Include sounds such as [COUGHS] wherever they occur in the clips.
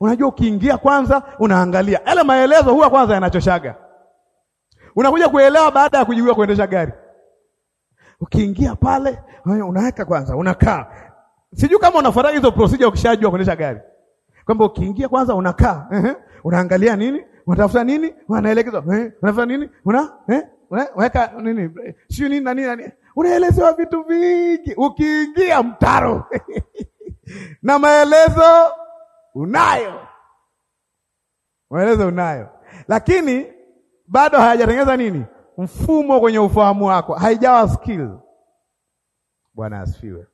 Unajua, ukiingia kwanza unaangalia yale maelezo, huwa kwanza yanachoshaga, unakuja kuelewa baada ya kujua kuendesha gari. Ukiingia pale unaweka kwanza, unakaa. Sijui kama unafuata hizo procedure ukishajua kuendesha gari, kwamba ukiingia kwanza unakaa, ehe, unaangalia nini, unatafuta nini, unaelekezwa, ehe, unatafuta nini, una eh, unaweka nini, sio nini na nini na nini, unaelezewa vitu vingi ukiingia mtaro [LAUGHS] na maelezo unayo, maelezo unayo, lakini bado hayajatengeneza nini, mfumo kwenye ufahamu wako, haijawa skill. Bwana asifiwe,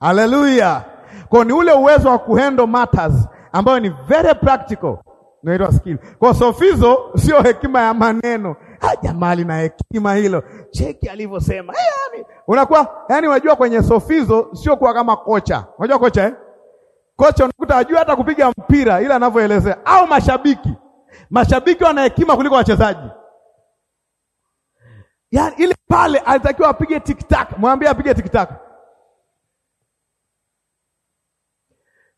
haleluya. Kwa ni ule uwezo wa kuhandle matters ambayo ni very practical, inaitwa skill. Kwa sofizo sio hekima ya maneno jamali na hekima hilo, cheki alivyosema. Hey, eh, yani unakuwa yani, unajua kwenye sofizo sio kuwa kama kocha, unajua kocha eh? Kocha unakuta ajua hata kupiga mpira, ila anavyoelezea au mashabiki, mashabiki wana hekima kuliko wachezaji. Yaani ile pale alitakiwa apige tik tak, mwambie apige tik tak.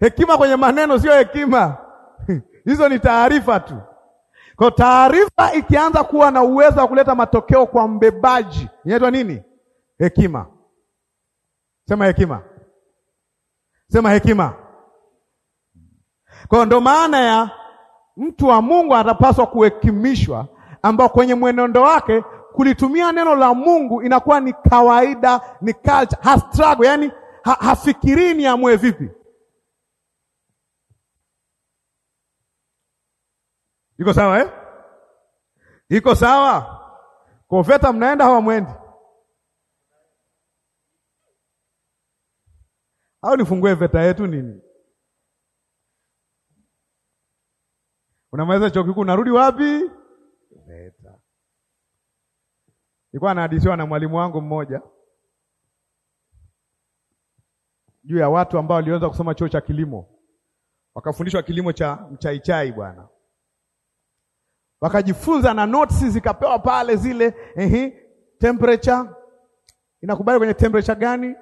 Hekima kwenye maneno sio hekima [LAUGHS] hizo ni taarifa tu. Kwa taarifa ikianza kuwa na uwezo wa kuleta matokeo kwa mbebaji, inaitwa nini? Hekima. Sema hekima, sema hekima. Kwa hiyo ndo maana ya mtu wa Mungu anapaswa kuhekimishwa, ambao kwenye mwenendo wake kulitumia neno la Mungu inakuwa ni kawaida, ni culture, ha struggle, yani ha hafikirii ni amue vipi. Iko sawa eh? Iko sawa. Kofeta mnaenda hawamwendi au nifungue veta yetu nini? unamaliza chuo kikuu unarudi wapi? VETA. Nilikuwa nahadithiwa na mwalimu wangu mmoja juu ya watu ambao walianza kusoma chuo cha kilimo wakafundishwa kilimo cha mchaichai bwana, wakajifunza na notes zikapewa pale zile, ehi, temperature inakubali kwenye temperature gani,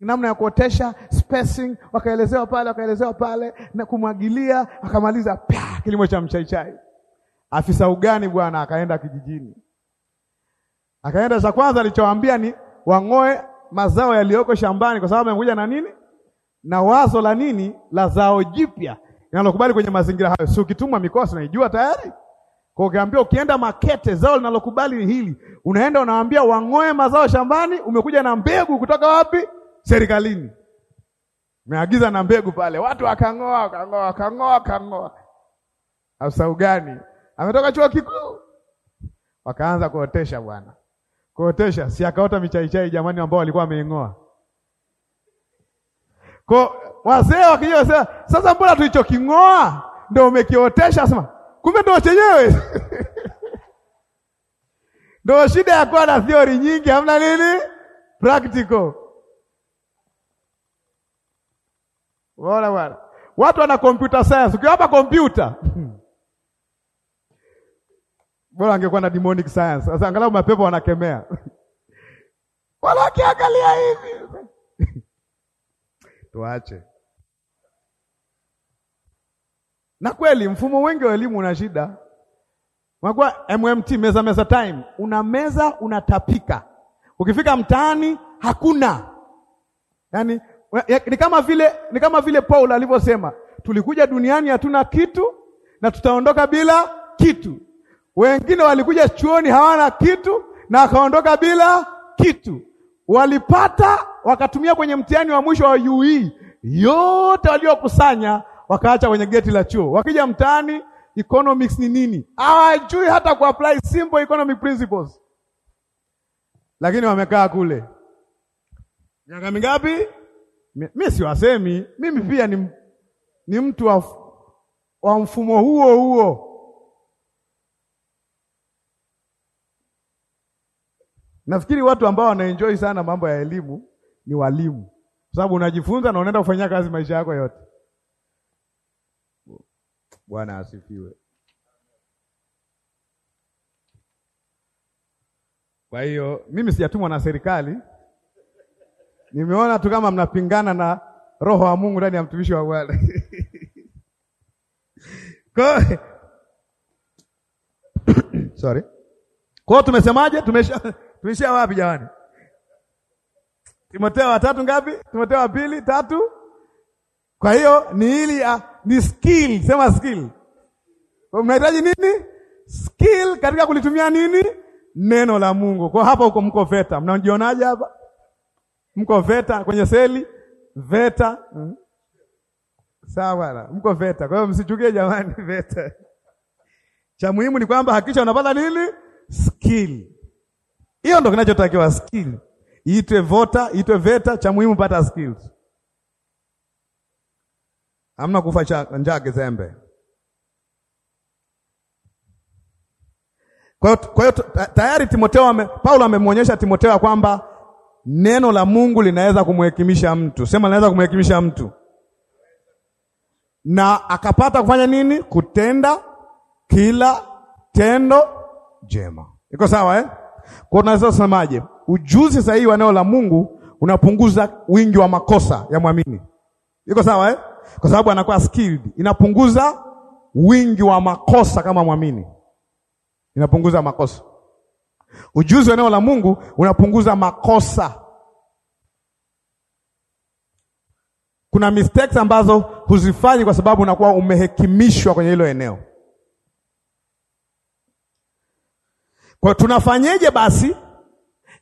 namna ya kuotesha, spacing, wakaelezewa pale, wakaelezewa pale na kumwagilia, akamaliza pia kilimo cha mchaichai. Afisa ugani bwana akaenda kijijini, akaenda cha kwanza alichowaambia ni wang'oe mazao yaliyoko shambani, kwa sababu amekuja na nini na wazo la nini la zao jipya linalokubali kwenye mazingira hayo. Si ukitumwa mikoa unaijua tayari kwa ukiambia, ukienda Makete zao linalokubali hili, unaenda unawaambia wang'oe mazao shambani. Umekuja na mbegu kutoka wapi? Serikalini meagiza na mbegu pale, watu wakang'oa, wakang'oa, wakang'oa, wakang'oa afisa ugani ametoka chuo kikuu. Wakaanza kuotesha bwana, kuotesha si akaota michaichai jamani, ambao walikuwa wameing'oa ko wazee wakija wasema, sasa mbona tulichoking'oa ndio umekiotesha? Asema kumbe ndio chenyewe [LAUGHS] ndio shida ya kuwa na theory nyingi, hamna nini practical. Waona bwana, watu wana computer science, ukiwapa kompyuta hmm bora angekuwa na demonic science. Sasa angalau mapepo wanakemea wala [LAUGHS] kiangalia hivi [LAUGHS] tuache. Na kweli mfumo wengi wa elimu una shida. Unakuwa MMT meza meza time, una meza unatapika, ukifika mtaani hakuna. Yaani ni kama vile ni kama vile Paul alivyosema, tulikuja duniani hatuna kitu na tutaondoka bila kitu. Wengine walikuja chuoni hawana kitu na wakaondoka bila kitu, walipata wakatumia kwenye mtihani wa mwisho wa UE yote waliokusanya, wakaacha kwenye geti la chuo. Wakija mtaani, economics ni nini hawajui, hata apply simple economic principles, lakini wamekaa kule miaka mingapi? Mi siwasemi, mimi pia ni, ni mtu wa, wa mfumo huo huo Nafikiri watu ambao wanaenjoy sana mambo ya elimu ni walimu, kwa sababu unajifunza na unaenda kufanyia kazi maisha yako yote. Bwana asifiwe. Kwa hiyo mimi sijatumwa na serikali, nimeona tu kama mnapingana na roho wa Mungu ndani ya mtumishi wa Bwana. [LAUGHS] Kwa [COUGHS] sorry. Kwa tumesemaje? Tumesha Tumeshia wapi jamani? Timotheo wa tatu ngapi? Timotheo wa pili tatu. Kwa hiyo ni ili uh, ah, ni skill, sema skill. Mnahitaji nini? Skill katika kulitumia nini? Neno la Mungu. Kwa hapa huko mko VETA, mnajionaje hapa? Mko VETA kwenye seli VETA. Mm. Sawa bwana, mko VETA. Kwa hiyo msichukie jamani [LAUGHS] VETA. Cha muhimu ni kwamba hakikisha unapata nini? Skill. Hiyo ndo kinachotakiwa skill. Iitwe vota, iitwe veta, cha muhimu pata skills. Hamna kufa njaa kizembe. Kwa hiyo tayari Timotheo ame, Paulo amemwonyesha Timotheo ya kwamba neno la Mungu linaweza kumhekimisha mtu. Sema linaweza kumhekimisha mtu. Na akapata kufanya nini? Kutenda kila tendo jema. Iko sawa eh? Kwa tunaweza kusemaje? Ujuzi sahihi wa neno la Mungu unapunguza wingi wa makosa ya mwamini. Iko sawa eh? Kwa sababu anakuwa skilled, inapunguza wingi wa makosa kama mwamini, inapunguza makosa. Ujuzi wa neno la Mungu unapunguza makosa. Kuna mistakes ambazo huzifanyi kwa sababu unakuwa umehekimishwa kwenye hilo eneo. Kwa tunafanyeje basi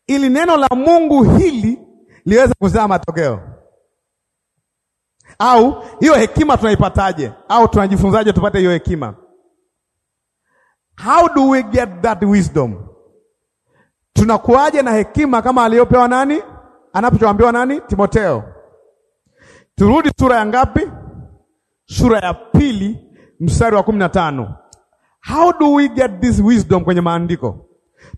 ili neno la Mungu hili liweze kuzaa matokeo? Au hiyo hekima tunaipataje? Au tunajifunzaje tupate hiyo hekima? How do we get that wisdom? Tunakuwaje na hekima kama aliyopewa nani? Anapochoambiwa nani? Timoteo. Turudi sura ya ngapi? Sura ya pili mstari wa kumi na tano. How do we get this wisdom kwenye maandiko?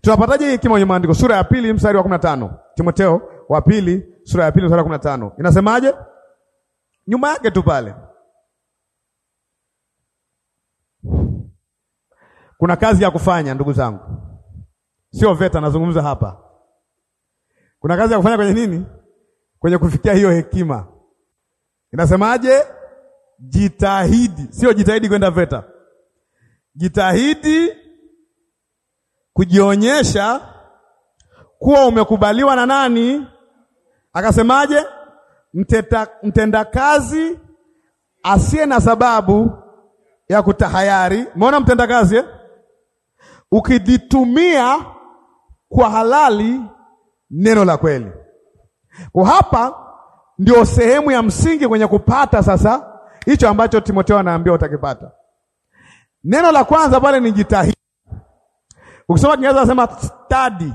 Tunapataje hekima kwenye maandiko? Sura ya pili mstari wa 15. Timotheo wa pili sura ya pili mstari wa 15. Inasemaje? Nyuma yake tu pale. Kuna kazi ya kufanya ndugu zangu. Sio veta nazungumza hapa. Kuna kazi ya kufanya kwenye nini? Kwenye kufikia hiyo hekima. Inasemaje? Jitahidi, sio jitahidi kwenda veta. Jitahidi kujionyesha kuwa umekubaliwa na nani? Akasemaje? mtendakazi asiye na sababu ya kutahayari. Umeona mtendakazi eh? Ukijitumia kwa halali neno la kweli. Kwa hapa ndio sehemu ya msingi kwenye kupata sasa hicho ambacho Timotheo anaambia utakipata. Neno la kwanza pale ni jitahidi Ukisoma Kiingereza nasema study.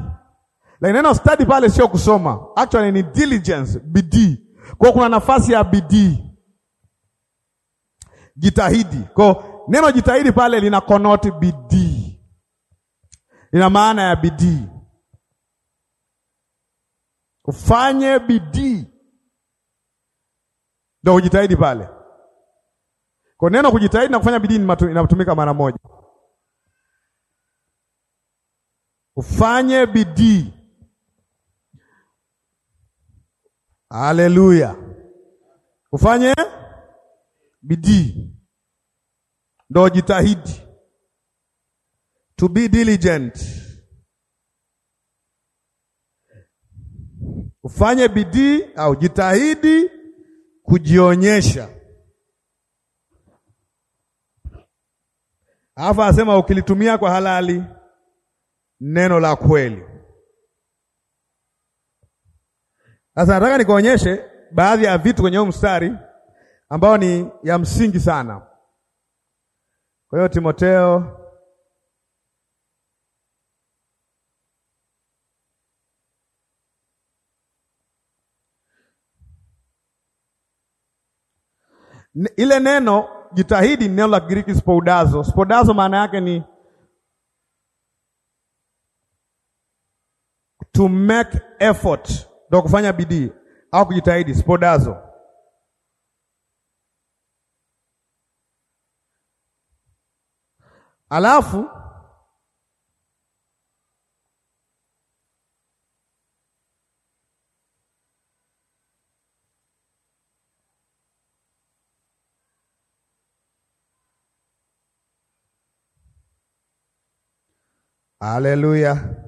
Lakini neno study pale sio kusoma. Actually ni diligence, bidii. Kwa kuna nafasi ya bidii. Jitahidi. Kwa neno jitahidi pale lina connote bidii. Lina maana ya bidii. Ufanye bidii. Ndio kujitahidi pale. Kwa neno kujitahidi na kufanya bidii inatumika mara moja. Ufanye bidii. Haleluya. Ufanye bidii, ndo jitahidi. To be diligent, ufanye bidii au jitahidi kujionyesha. Alafu asema ukilitumia kwa halali neno la kweli. Sasa nataka nikuonyeshe baadhi ya vitu kwenye huu mstari ambao ni ya msingi sana. Kwa hiyo Timotheo ile neno jitahidi, neno la Kigiriki spoudazo. Spoudazo maana yake ni to make effort, ndo kufanya bidii au kujitahidi, spodazo alafu Hallelujah.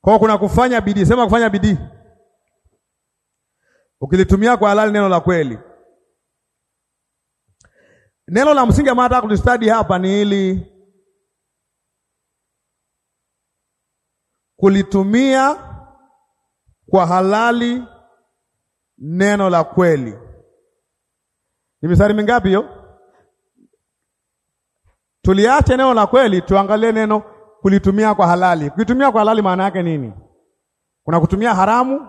Kwa kuna kufanya bidii, sema kufanya bidii, ukilitumia kwa halali neno la kweli. Neno la msingi ambayo nataka kulistadi hapa ni hili. kulitumia kwa halali neno la kweli. Ni mistari mingapi hiyo? Tuliache neno la kweli, tuangalie neno kulitumia kwa halali. Kulitumia kwa halali maana yake nini? Kuna kutumia haramu?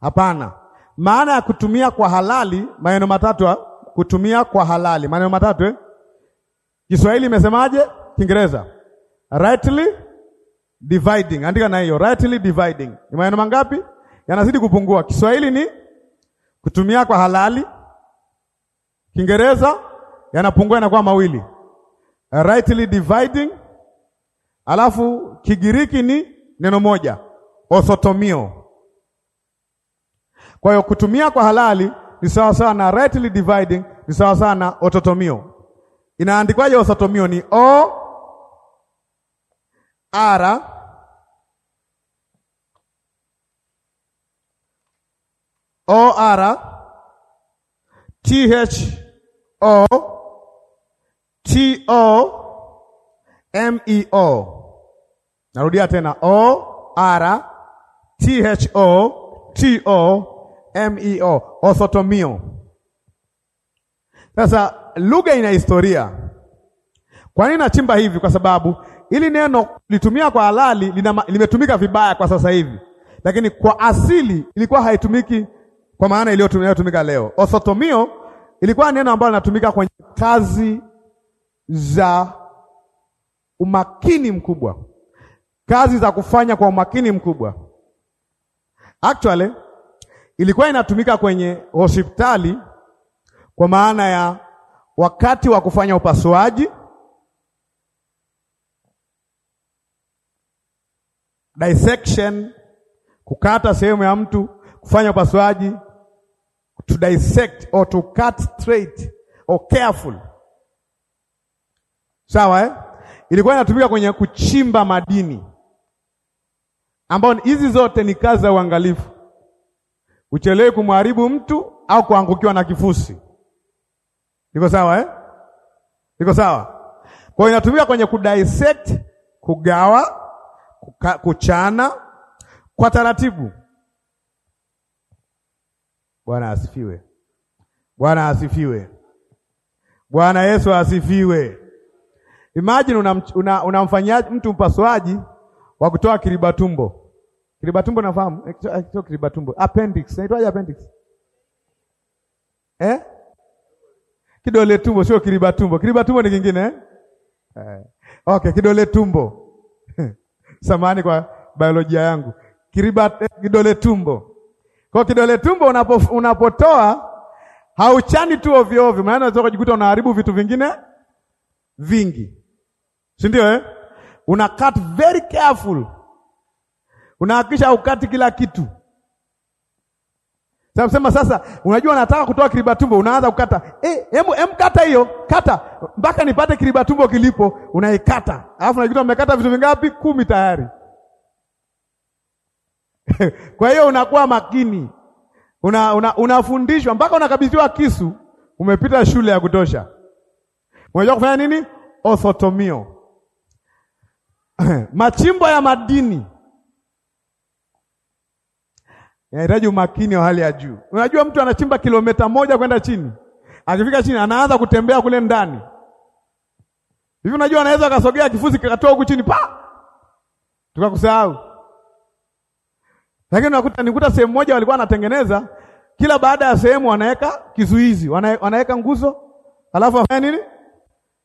Hapana. Maana ya kutumia kwa halali, maneno matatu. ha? Kutumia kwa halali, maneno matatu eh? Kiswahili imesemaje? Kiingereza rightly dividing. Andika na hiyo rightly dividing. Ni maneno mangapi? Yanazidi kupungua. Kiswahili ni kutumia kwa halali, Kiingereza yanapungua, yanakuwa mawili rightly dividing Alafu Kigiriki ni neno moja, orthotomio. Kwa hiyo kutumia kwa halali ni sawa na rightly dividing, ni sawa na orthotomio. Inaandikwaje orthotomio? Ni o r o r t h o t o m e o Narudia tena O R T H O T O M E O, orthotomio. Sasa lugha ina historia. Kwa nini nachimba hivi? Kwa sababu ili neno litumia kwa halali limetumika vibaya kwa sasa hivi, lakini kwa asili ilikuwa haitumiki kwa maana iliyotumika leo. Orthotomio ilikuwa neno ambalo linatumika kwenye kazi za umakini mkubwa kazi za kufanya kwa umakini mkubwa. Actually ilikuwa inatumika kwenye hospitali kwa maana ya wakati wa kufanya upasuaji, dissection, kukata sehemu ya mtu, kufanya upasuaji, to dissect or to cut straight or careful. Sawa eh? Ilikuwa inatumika kwenye kuchimba madini ambao hizi zote ni kazi za uangalifu. Uchelewe kumharibu mtu au kuangukiwa na kifusi. Iko sawa eh? Iko sawa. Kwa hiyo inatumika kwenye kudissect, kugawa, kuka, kuchana kwa taratibu. Bwana asifiwe. Bwana asifiwe. Bwana Yesu asifiwe. Imagine unamfanyaje una, una mtu mpasuaji wa kutoa kiriba tumbo. Kiriba tumbo nafahamu, sio eh, eh, kiriba tumbo, appendix. Naitwaje appendix? Eh? Kidole tumbo sio kiriba tumbo. Kiriba tumbo ni kingine eh? Eh. Okay, kidole tumbo. [LAUGHS] samani kwa biolojia yangu. Kiriba eh, kidole tumbo. Kwa kidole tumbo unapo, unapotoa hauchani tu ovyo ovyo, maana unaweza kujikuta unaharibu vitu vingine vingi. Si ndio eh? una cut very careful, unahakikisha ukati kila kitu. Sema sasa, unajua nataka kutoa kiriba tumbo, unaanza kukata eh, hebu hem, kata hiyo kata mpaka nipate kiriba tumbo kilipo, unaikata alafu unajikuta umekata vitu vingapi? Kumi tayari. [LAUGHS] Kwa hiyo unakuwa makini, unafundishwa una, una mpaka unakabidhiwa kisu, umepita shule ya kutosha, unajua kufanya nini? Orthotomio [COUGHS] machimbo ya madini yanahitaji umakini wa hali ya juu. Unajua, mtu anachimba kilomita moja kwenda chini, akifika chini anaanza kutembea kule ndani hivi. Unajua, anaweza akasogea kifusi kikatoa huku chini pa tukakusahau. Lakini nakuta nikuta sehemu moja walikuwa wanatengeneza, kila baada ya sehemu wanaweka kizuizi, wanaweka nguzo, alafu afanya nini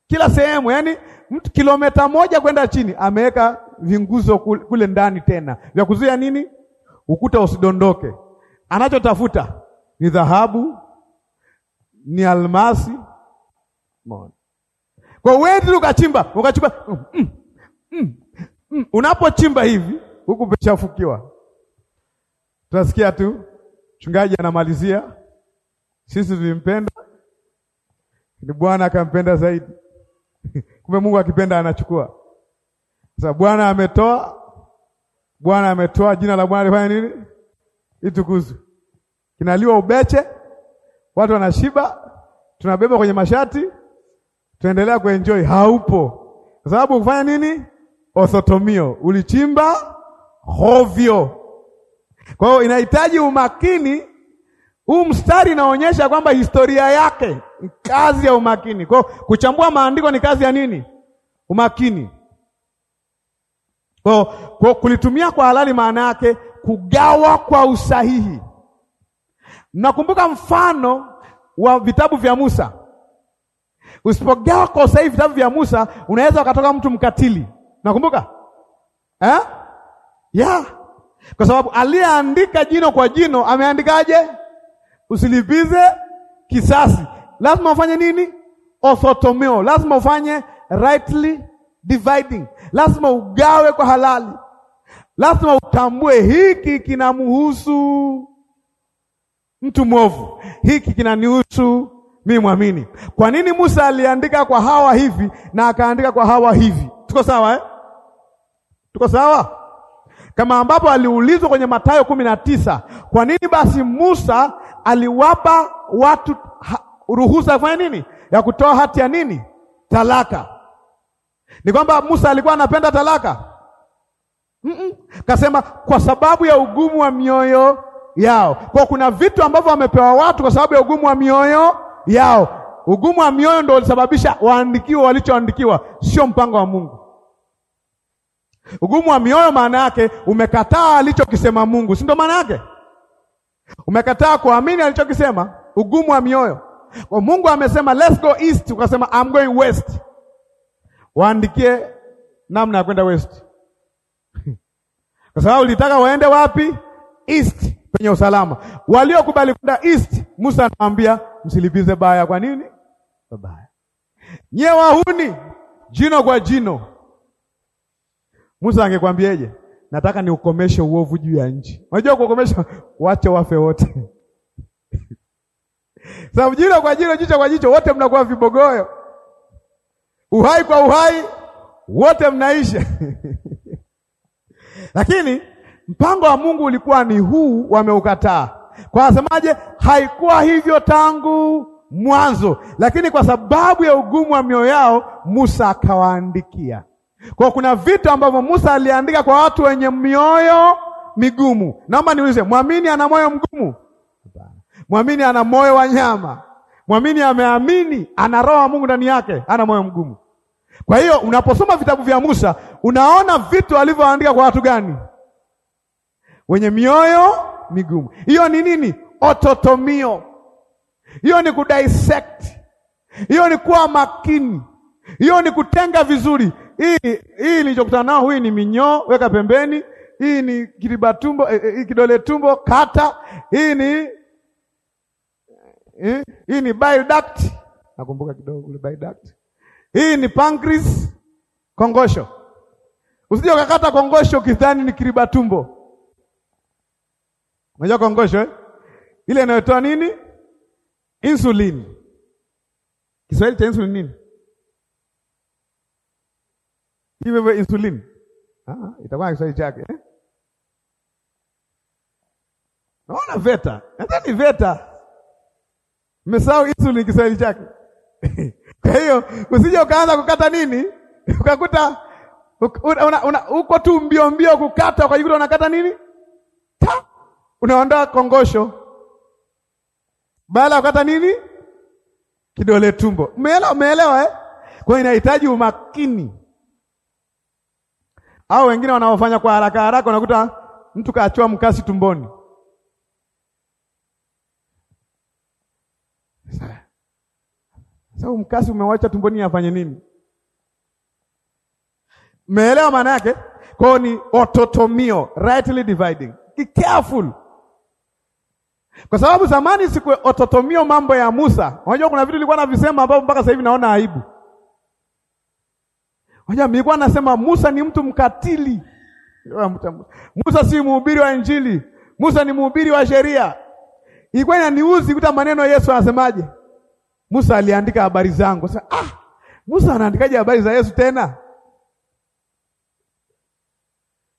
kila sehemu, yaani mtu kilomita moja kwenda chini ameweka vinguzo kule ndani tena vya kuzuia nini, ukuta usidondoke. Anachotafuta ni dhahabu, ni almasi. Umeona? Kwa wewe ukachimba ukachimba, mm, mm, mm, mm. Unapochimba hivi huku pechafukiwa, tunasikia tu mchungaji anamalizia, sisi tulimpenda ni Bwana akampenda zaidi. [LAUGHS] Kumbe Mungu akipenda anachukua. Sasa Bwana ametoa, Bwana ametoa, jina la Bwana lifanye nini? Itukuzwe. Kinaliwa ubeche, watu wanashiba, tunabeba kwenye mashati, tunaendelea kuenjoy. Haupo kwa sababu kufanya nini? Osotomio, ulichimba hovyo. Kwa hiyo inahitaji umakini huu mstari inaonyesha kwamba historia yake ni kazi ya umakini. Kwa kuchambua maandiko ni kazi ya nini? Umakini. Kwa, kwa kulitumia kwa halali maana yake kugawa kwa usahihi. Nakumbuka mfano wa vitabu vya Musa. Usipogawa kwa usahihi vitabu vya Musa, unaweza ukatoka mtu mkatili. Nakumbuka? Eh? Yeah. Kwa sababu aliyeandika jino kwa jino ameandikaje? Usilipize kisasi, lazima ufanye nini? Osotomeo, lazima ufanye rightly dividing, lazima ugawe kwa halali, lazima utambue hiki kinamhusu mtu mwovu, hiki kinanihusu mimi mwamini. Kwa nini Musa aliandika kwa Hawa hivi na akaandika kwa Hawa hivi? Tuko sawa eh? Tuko sawa kama ambapo aliulizwa kwenye Mathayo kumi na tisa, kwa nini basi Musa aliwapa watu ha, ruhusa ya kufanya nini, ya kutoa hati ya nini, talaka. Ni kwamba Musa alikuwa anapenda talaka? mm -mm. Kasema kwa sababu ya ugumu wa mioyo yao. Kwa kuna vitu ambavyo wamepewa watu kwa sababu ya ugumu wa mioyo yao. Ugumu wa mioyo ndio ulisababisha waandikiwa walichoandikiwa, sio mpango wa Mungu. Ugumu wa mioyo maana yake umekataa alichokisema Mungu, si ndio maana yake? Umekataa kuamini alichokisema, ugumu wa mioyo. Kwa Mungu amesema let's go east, ukasema I'm going west. Waandikie namna ya kwenda west [LAUGHS] kwa sababu ulitaka waende wapi? East, penye usalama. Waliokubali kwenda east, Musa anamwambia msilipize baya. Kwa nini baya? Nye wahuni, jino kwa jino. Musa angekwambieje? nataka niukomeshe uovu juu ya nchi. Unajua kukomesha, wache wafe wote [LAUGHS] sababu jino kwa jino, jicho kwa jicho, wote mnakuwa vibogoyo. Uhai kwa uhai, wote mnaisha [LAUGHS] lakini mpango wa Mungu ulikuwa ni huu, wameukataa. Kwa asemaje? Haikuwa hivyo tangu mwanzo, lakini kwa sababu ya ugumu wa mioyo yao Musa akawaandikia. Kwa kuna vitu ambavyo Musa aliandika kwa watu wenye mioyo migumu. Naomba niulize, mwamini ana moyo mgumu? Mwamini ana moyo wa nyama? Mwamini ameamini, ana roho wa Mungu ndani yake, ana moyo mgumu. Kwa hiyo unaposoma vitabu vya Musa unaona vitu alivyoandika kwa watu gani? Wenye mioyo migumu. Hiyo ni nini? Ototomio. Hiyo ni kudissect, hiyo ni kuwa makini, hiyo ni kutenga vizuri hii hii nilichokutana nao, hii ni minyoo, weka pembeni. Hii ni kiribatumbo, eh, eh, kidole tumbo, kata. Hii ni eh, hii ni bile duct, nakumbuka kidogo kule bile duct. Hii ni pancreas, kongosho. Usije ukakata kongosho kidhani ni tumbo Unajua kongosho eh? Ile inayotoa nini? Insulin. Kiswahili cha insulin nini? hivyo hivyo insulini ah, itakuwa na Kiswahili chake eh? Naona veta nadhani veta mmesahau insulini Kiswahili chake [LAUGHS] kwa hiyo usije ukaanza kukata nini [LAUGHS] ukakuta uko tu mbio mbio kukata ukajikuta unakata nini ta unaondoa kongosho baada ya kukata nini kidole tumbo. Umeelewa? Umeelewa eh? Kwa hiyo inahitaji umakini au wengine wanaofanya kwa haraka haraka, unakuta mtu kaachua mkasi tumboni. Sasa mkasi umewacha tumboni, afanye nini? Meelewa maana yake? Kwa hiyo ni ototomio, rightly dividing. Be careful. Kwa sababu zamani siku ototomio mambo ya Musa, unajua kuna vitu nilikuwa navisema ambavyo mpaka sasa hivi naona aibu. Waja mlikuwa nasema Musa ni mtu mkatili. Musa si mhubiri wa Injili. Musa ni mhubiri wa sheria. Ilikuwa inaniuzi kuta maneno Yesu anasemaje? Musa aliandika habari zangu. Sasa ah, Musa anaandikaje habari za Yesu tena?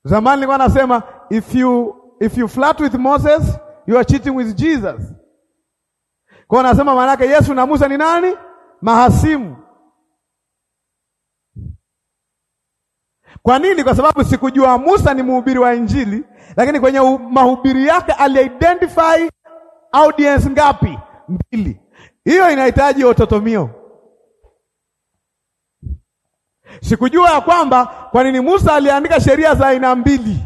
Zamani nilikuwa nasema if you if you flirt with Moses, you are cheating with Jesus. Kwa nasema maana yake Yesu na Musa ni nani? Mahasimu. Kwa nini? Kwa sababu sikujua Musa ni mhubiri wa Injili, lakini kwenye mahubiri yake aliidentify audience ngapi? Mbili. Hiyo inahitaji ototomio. Sikujua ya kwamba kwa nini Musa aliandika sheria za aina mbili.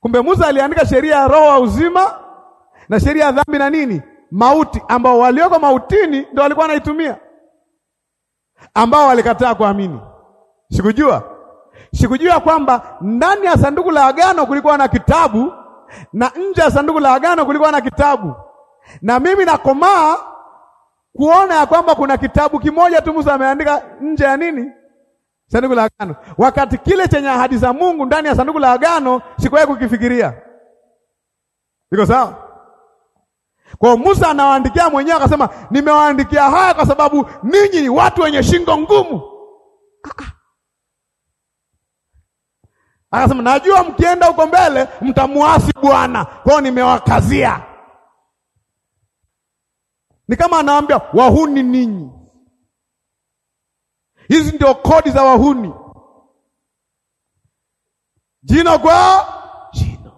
Kumbe Musa aliandika sheria ya roho wa uzima na sheria ya dhambi na nini mauti, ambao walioko mautini ndio walikuwa wanaitumia, ambao walikataa kuamini. Sikujua Sikujua kwamba ndani ya sanduku la agano kulikuwa na kitabu na nje ya sanduku la agano kulikuwa na kitabu, na mimi nakomaa kuona ya kwamba kuna kitabu kimoja tu Musa ameandika nje ya nini, sanduku la agano, wakati kile chenye ahadi za Mungu ndani ya sanduku la agano sikuwahi kukifikiria. Iko sawa? Kwa Musa anawaandikia mwenyewe akasema, nimewaandikia haya kwa sababu ninyi watu wenye shingo ngumu. Ah, ah. Anasema najua mkienda huko mbele mtamwasi Bwana, kwao nimewakazia. Ni kama anaambia wahuni ninyi, hizi ndio kodi za wahuni, jino kwa jino.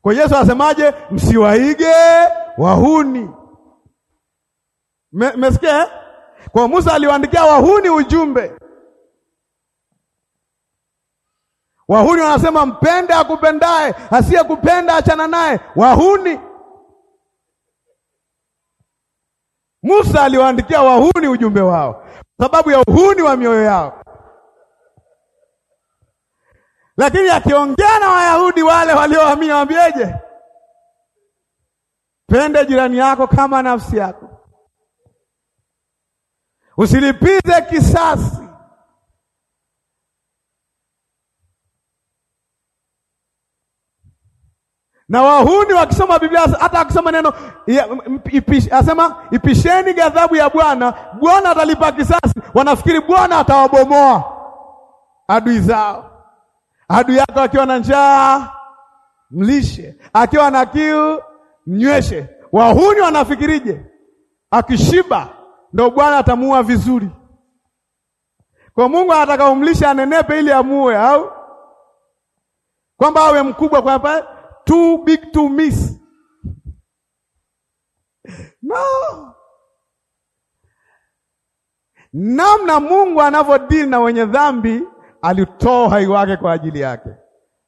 Kwa Yesu anasemaje? Msiwaige wahuni. Mesikia? Eh? kwa Musa aliwaandikia wahuni ujumbe Wahuni wanasema mpende akupendaye, asiyekupenda achana naye. Wahuni Musa aliwaandikia wahuni ujumbe wao kwa sababu ya uhuni wa mioyo yao, lakini akiongea na Wayahudi wale walioamia wambieje Pende jirani yako kama nafsi yako, usilipize kisasi na wahuni wakisoma Biblia, hata akisoma neno ipish, asema ipisheni ghadhabu ya Bwana, Bwana atalipa kisasi. Wanafikiri Bwana atawabomoa adui zao. Adui yako akiwa na njaa mlishe, akiwa na kiu mnyweshe. Wahuni wanafikirije? Akishiba ndo Bwana atamuua vizuri. Kwa Mungu anataka umlishe anenepe ili amue, au kwamba awe mkubwa kwa too big to miss. No, namna Mungu anavyodili na wenye dhambi, alitoa uhai wake kwa ajili yake.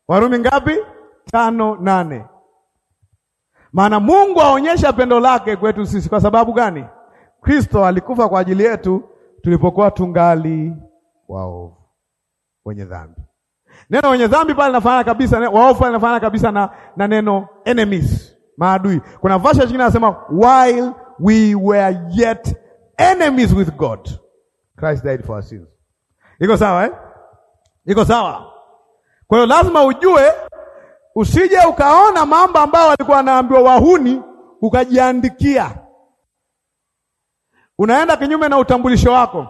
Warumi ngapi? tano nane. Maana Mungu aonyesha pendo lake kwetu sisi kwa sababu gani? Kristo alikufa kwa ajili yetu tulipokuwa tungali waovu, wenye dhambi. Neno wenye dhambi pale linafanana kabisa, waovu pale linafanana kabisa na, na neno enemies, maadui. Kuna verse nyingine nasema while we were yet enemies with God Christ died for our sins. Iko sawa eh? Iko sawa. Kwa hiyo lazima ujue, usije ukaona mambo ambayo walikuwa wanaambiwa wahuni ukajiandikia. Unaenda kinyume na utambulisho wako.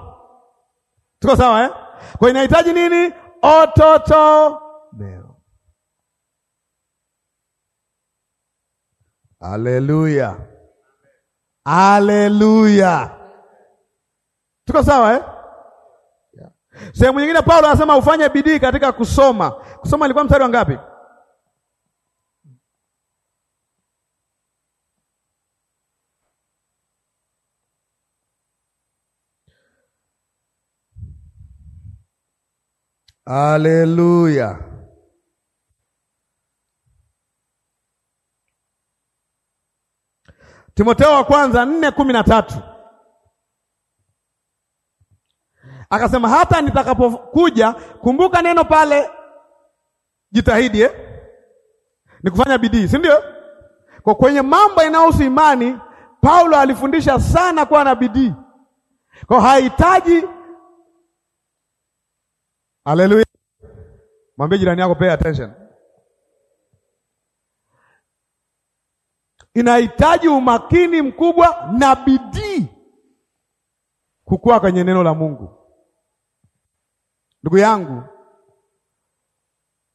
Tuko sawa eh? Kwa inahitaji nini? ototo meo. Aleluya, aleluya, tuko sawa eh? Sehemu nyingine Paulo anasema ufanye bidii katika kusoma. Kusoma ilikuwa mstari wa ngapi? Aleluya. Timoteo wa kwanza nne kumi na tatu akasema hata nitakapokuja, kumbuka neno pale, jitahidi eh? ni kufanya bidii, si ndio? Kwa kwenye mambo yanayohusu imani Paulo alifundisha sana kuwa na bidii, kwa hahitaji Haleluya. Mwambie jirani yako pay attention. Inahitaji umakini mkubwa na bidii kukua kwenye neno la Mungu. Ndugu yangu,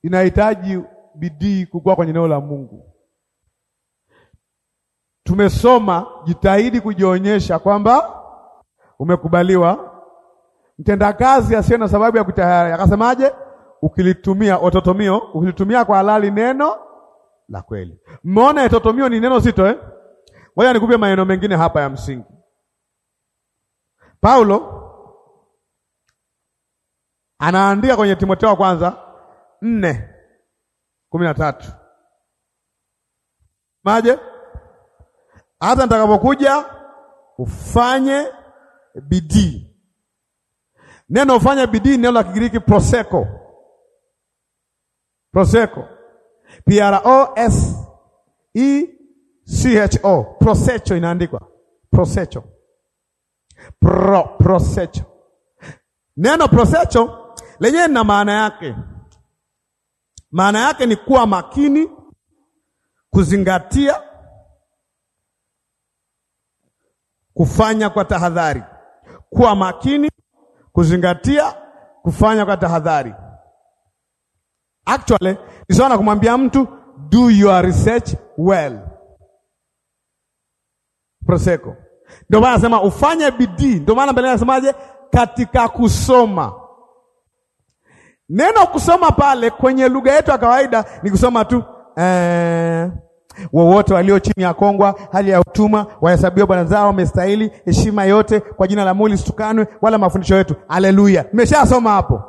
inahitaji bidii kukua kwenye neno la Mungu. Tumesoma jitahidi kujionyesha kwamba umekubaliwa Mtendakazi asiye na sababu ya kutahayari akasemaje? Ukilitumia ototomio, ukilitumia kwa halali neno la kweli. Mmeona etotomio ni neno zito eh? Ngoja nikupe maneno mengine hapa ya msingi. Paulo anaandika kwenye Timotheo wa kwanza nne kumi na tatu maje, hata nitakapokuja ufanye bidii Neno fanya bidii, neno la Kigiriki proseko, proseko, P R O S E C H O, prosecho inaandikwa prosecho, pro prosecho. Neno prosecho lenyewe na maana yake, maana yake ni kuwa makini, kuzingatia, kufanya kwa tahadhari, kuwa makini kuzingatia, kufanya kwa tahadhari. Actually ni sawa na kumwambia mtu do your research well. Proseko ndio maana nasema ufanye bidii. Ndio maana mbele nasemaje, katika kusoma neno kusoma pale kwenye lugha yetu ya kawaida ni kusoma tu eh, Wowote walio chini ya kongwa hali ya utumwa wahesabiwe bwana zao wamestahili heshima yote, kwa jina la mwili situkanwe wala mafundisho yetu. Haleluya, nimeshasoma hapo.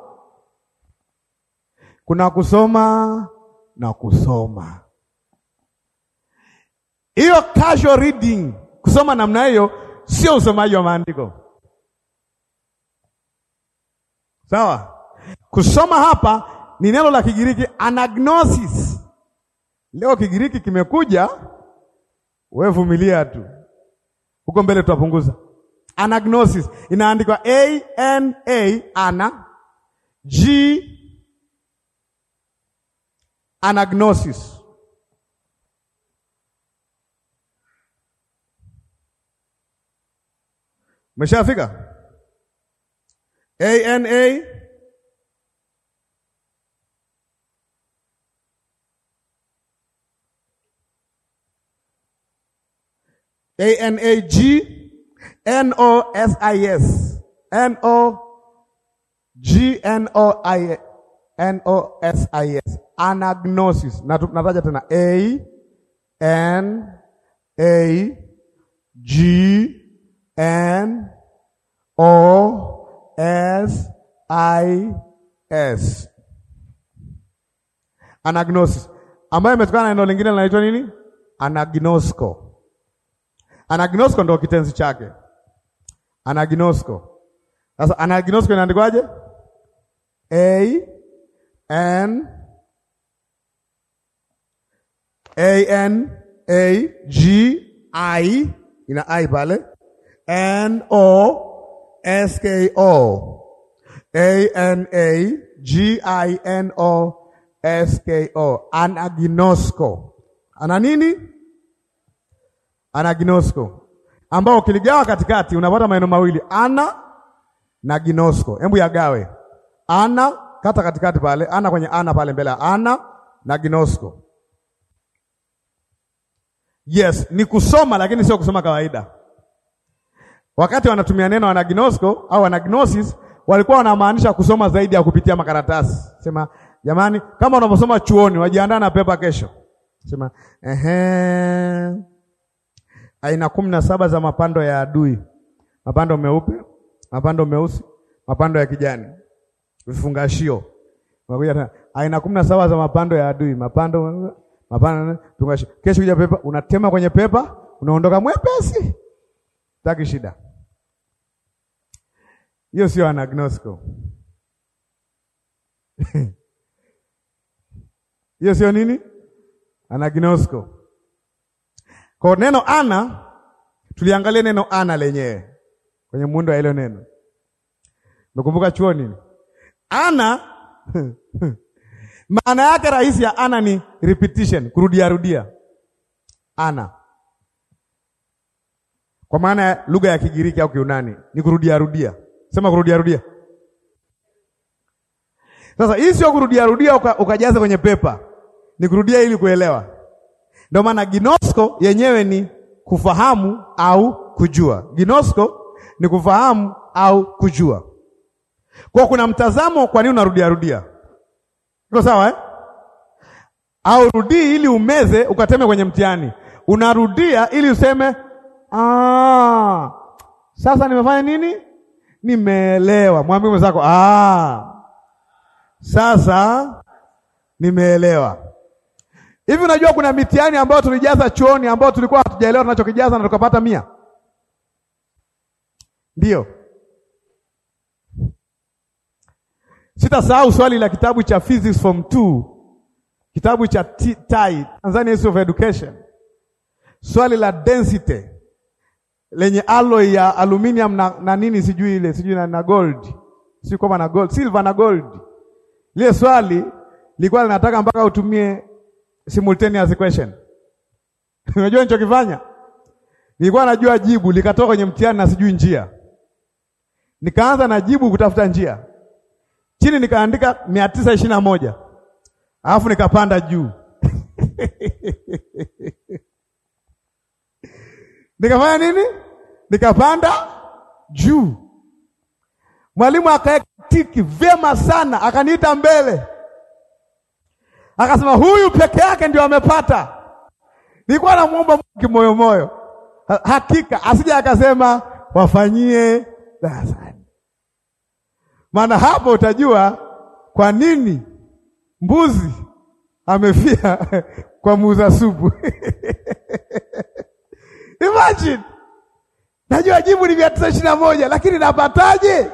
Kuna kusoma na kusoma, hiyo casual reading, kusoma namna hiyo sio usomaji wa maandiko, sawa? Kusoma hapa ni neno la Kigiriki anagnosis Leo Kigiriki kimekuja, wewe vumilia tu, huko mbele tutapunguza. Anagnosis inaandikwa A N A ana G anagnosis Meshafika? A N A A N A G N O S I S N O G N O I N O S I S anagnosis. Nataja tena A N A G N O S I S anagnosis, ambayo imetokana na neno lingine linaitwa nini? Anagnosko Anagnosko ndo kitenzi chake. Anagnosko. Sasa anagnosko inaandikwaje? A N A N A G I ina I pale. N O S K O A N A G I N O S K O. Anagnosko. Ana nini? anaginosko, ambao ukiligawa katikati unapata maneno mawili ana na ginosko. Hebu yagawe ana, kata katikati pale ana, kwenye ana pale mbele ana na ginosko. Yes, ni kusoma lakini sio kusoma kawaida. Wakati wanatumia neno anaginosko au anagnosis walikuwa wanamaanisha kusoma zaidi ya kupitia makaratasi. Sema jamani, kama unaposoma chuoni, wajiandaa na pepa kesho. Sema ehe aina kumi na saba za mapando ya adui: mapando meupe, mapando meusi, mapando ya kijani. Vifungashio aina kumi na saba za mapando ya adui, mapando mapando, vifungashio. Kesho kuja pepa, unatema kwenye pepa, unaondoka mwepesi, taki shida hiyo. Sio anagnosko [LAUGHS] hiyo sio nini anagnosko kwa neno ana, tuliangalia neno ana lenyewe kwenye muundo wa ile neno. Nakumbuka chuoni ana [LAUGHS] maana yake rahisi ya ana ni repetition, kurudia rudia. Ana kwa maana ya lugha ya Kigiriki au Kiunani ni kurudia rudia. Sema kurudia rudia. Sasa hii sio kurudia rudia ukajaza uka kwenye pepa, ni kurudia ili kuelewa. Ndio maana ginosko yenyewe ni kufahamu au kujua. Ginosko ni kufahamu au kujua. Kwa kuna mtazamo, kwa nini unarudia rudia? Iko sawa eh? Au rudii ili umeze ukateme kwenye mtihani. Unarudia ili useme ah, sasa nimefanya nini? Nimeelewa. Mwambie mwenzako ah, sasa nimeelewa. Hivi unajua kuna mitihani ambayo tulijaza chuoni ambayo tulikuwa hatujaelewa tunachokijaza na tukapata mia? Ndio. Sitasahau swali la kitabu cha Physics Form 2, kitabu cha TAI, Tanzania Institute of Education, swali la density lenye alloy ya aluminium na, na nini sijui ile sijui na, na gold si kama na gold silver na gold. Lile swali lilikuwa linataka mpaka utumie simultaneous question. [LAUGHS] Unajua nilichokifanya? Nilikuwa najua jibu likatoka kwenye mtihani na sijui njia. Nikaanza na jibu kutafuta njia. Chini nikaandika 921. Alafu nikapanda juu. [LAUGHS] Nikafanya nini? Nikapanda juu. Mwalimu akaeka tiki vyema sana, akaniita mbele. Akasema huyu peke yake ndio amepata. Nilikuwa namuomba Mungu moyo, hakika asije akasema wafanyie darasani, maana hapo utajua kwa nini mbuzi amefia [LAUGHS] kwa muuza supu. [LAUGHS] Imagine, najua jibu ni mia tisa ishirini na moja lakini napataje?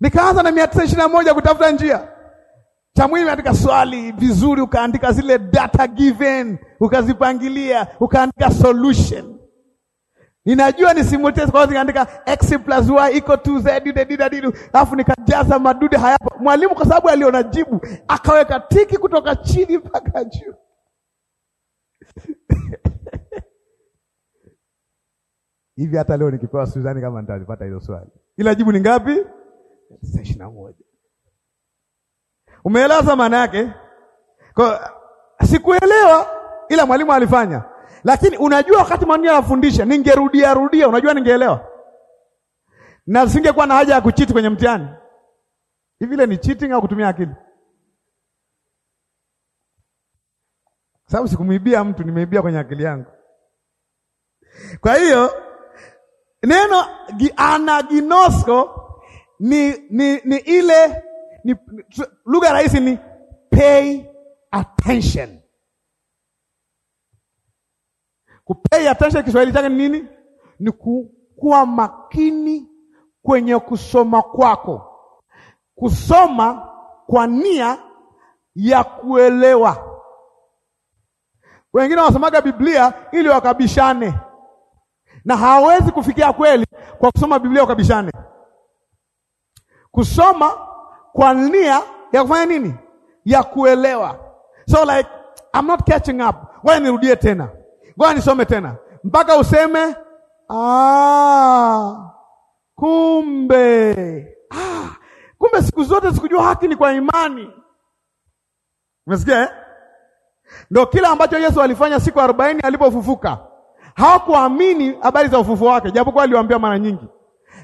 Nikaanza na mia tisa ishirini na moja kutafuta njia Samueli ameandika swali vizuri, ukaandika zile data given, ukazipangilia, ukaandika solution. Ninajua ni simultaneous, kwa nikaandika x plus y equal to z dddd, alafu nikajaza madude hayapo. Mwalimu kwa sababu aliona jibu akaweka tiki kutoka chini mpaka juu [LAUGHS] hivi hata leo nikipewa Suzani, kama nitalipata hilo swali, ila jibu ni ngapi? 21. Umeelewa maana yake? Kwa sikuelewa, ila mwalimu alifanya. Lakini unajua wakati mwalimu anafundisha, ningerudia rudia, unajua ningeelewa. Na singekuwa na haja ya kuchiti kwenye mtihani. Hivi ile ni cheating au kutumia akili? Sababu sikumwibia mtu, nimeibia kwenye akili yangu. Kwa hiyo neno anaginosko ni, ni, ni ile ni lugha rahisi ni pay attention. pay attention Kiswahili chake ni nini? Ni kuwa makini kwenye kusoma kwako, kusoma kwa nia ya kuelewa. Wengine wanasomaga Biblia ili wakabishane, na hawawezi kufikia kweli kwa kusoma Biblia wakabishane. Kusoma kwa nia ya kufanya nini? Ya kuelewa. So like I'm not catching up. Ngoja nirudie tena, ngoja nisome tena mpaka useme ah, kumbe ah, kumbe siku zote sikujua haki ni kwa imani. Umesikia eh? Ndio kila ambacho Yesu alifanya siku arobaini alipofufuka. Hawakuamini habari za ufufuo wake, japokuwa aliwaambia mara nyingi,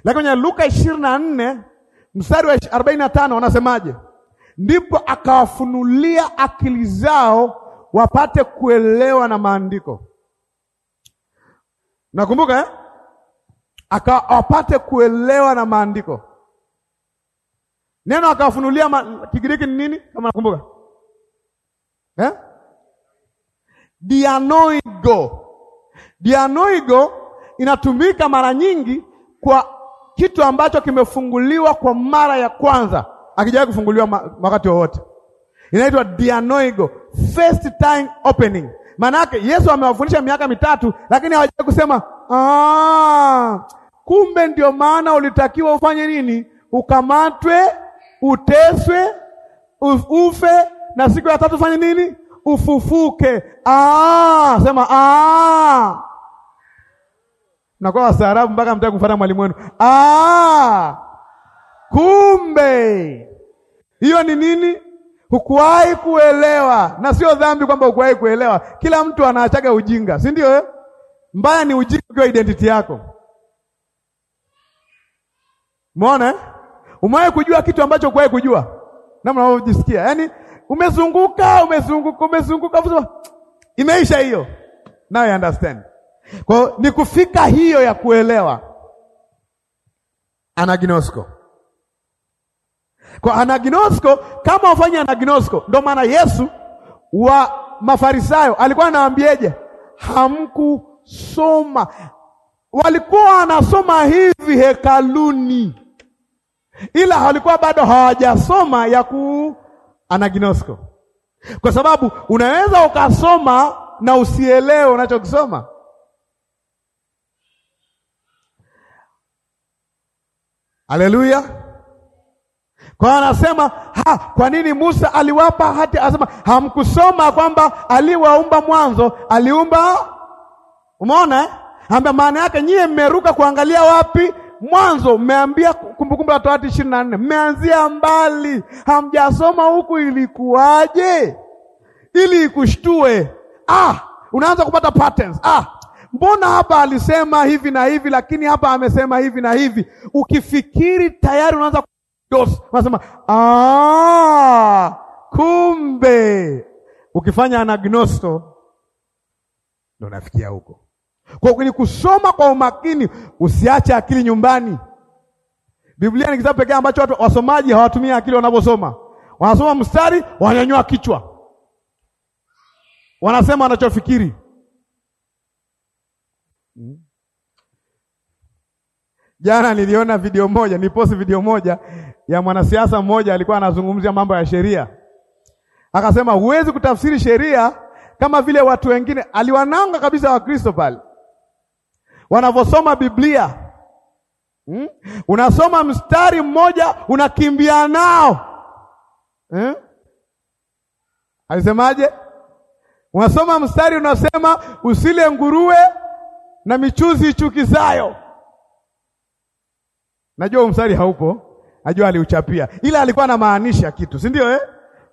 lakini kwenye Luka ishirini na nne mstari wa 45 anasemaje Ndipo akawafunulia akili zao wapate kuelewa na maandiko. Nakumbuka eh? Akawapate kuelewa na maandiko. Neno akawafunulia ma... Kigiriki ni nini kama nakumbuka eh? Dianoigo. Dianoigo inatumika mara nyingi kwa kitu ambacho kimefunguliwa kwa mara ya kwanza, akijawahi kufunguliwa wakati wowote. Inaitwa dianoigo, first time opening. Maana yake Yesu amewafundisha miaka mitatu, lakini hawajawahi kusema ah, kumbe ndio maana ulitakiwa ufanye nini? Ukamatwe, uteswe, ufe na siku ya tatu ufanye nini? Ufufuke. Ah, sema ah. Mnakuwa wastaarabu mpaka mtaki kufuata mwalimu wenu. Ah! Kumbe hiyo ni nini? Hukuwahi kuelewa, na sio dhambi kwamba hukuwahi kuelewa. Kila mtu anaachaga ujinga, si ndio? Eh, mbaya ni ujinga ukiwa identity yako. Umeona, eh? umewahi kujua kitu ambacho hukuwahi kujua, namna unavyojisikia yaani, umezunguka umezunguka umezunguka, imeisha hiyo, now you understand. Kwa hiyo ni kufika hiyo ya kuelewa anagnosko. Kwa anagnosko, kama ufanye anagnosko, ndio maana Yesu wa Mafarisayo alikuwa anawaambieje? Hamkusoma. Walikuwa wanasoma hivi hekaluni, ila walikuwa bado hawajasoma ya ku anagnosko, kwa sababu unaweza ukasoma na usielewe unachokisoma. Haleluya! Kwa anasema ha, kwa nini Musa aliwapa hati? Anasema hamkusoma kwamba aliwaumba mwanzo, aliumba. Umeona, eh? Ambe maana yake nyie mmeruka kuangalia wapi? Mwanzo. Mmeambia Kumbukumbu la Torati ishirini na nne, mmeanzia mbali, hamjasoma huku ilikuwaje, ili ikushtue. Ah, unaanza kupata patterns. Ah, mbona hapa alisema hivi na hivi, lakini hapa amesema hivi na hivi. Ukifikiri tayari unaanza unasema ah, kumbe. Ukifanya anagnosto ndo nafikia huko, kwa kili kusoma kwa umakini, usiache akili nyumbani. Biblia ni kitabu pekee ambacho watu wasomaji hawatumia akili wanaposoma. Wanasoma mstari, wananyanyua kichwa, wanasema wanachofikiri. Jana niliona video moja, niposti video moja ya mwanasiasa mmoja alikuwa anazungumzia mambo ya sheria, akasema huwezi kutafsiri sheria kama vile watu wengine. Aliwananga kabisa Wakristo pale wanavyosoma Biblia hmm? Unasoma mstari mmoja unakimbia nao hmm? Alisemaje? Unasoma mstari unasema usile nguruwe na michuzi ichukizayo. Najua huu haupo, najua aliuchapia, ila alikuwa anamaanisha kitu, si ndio eh?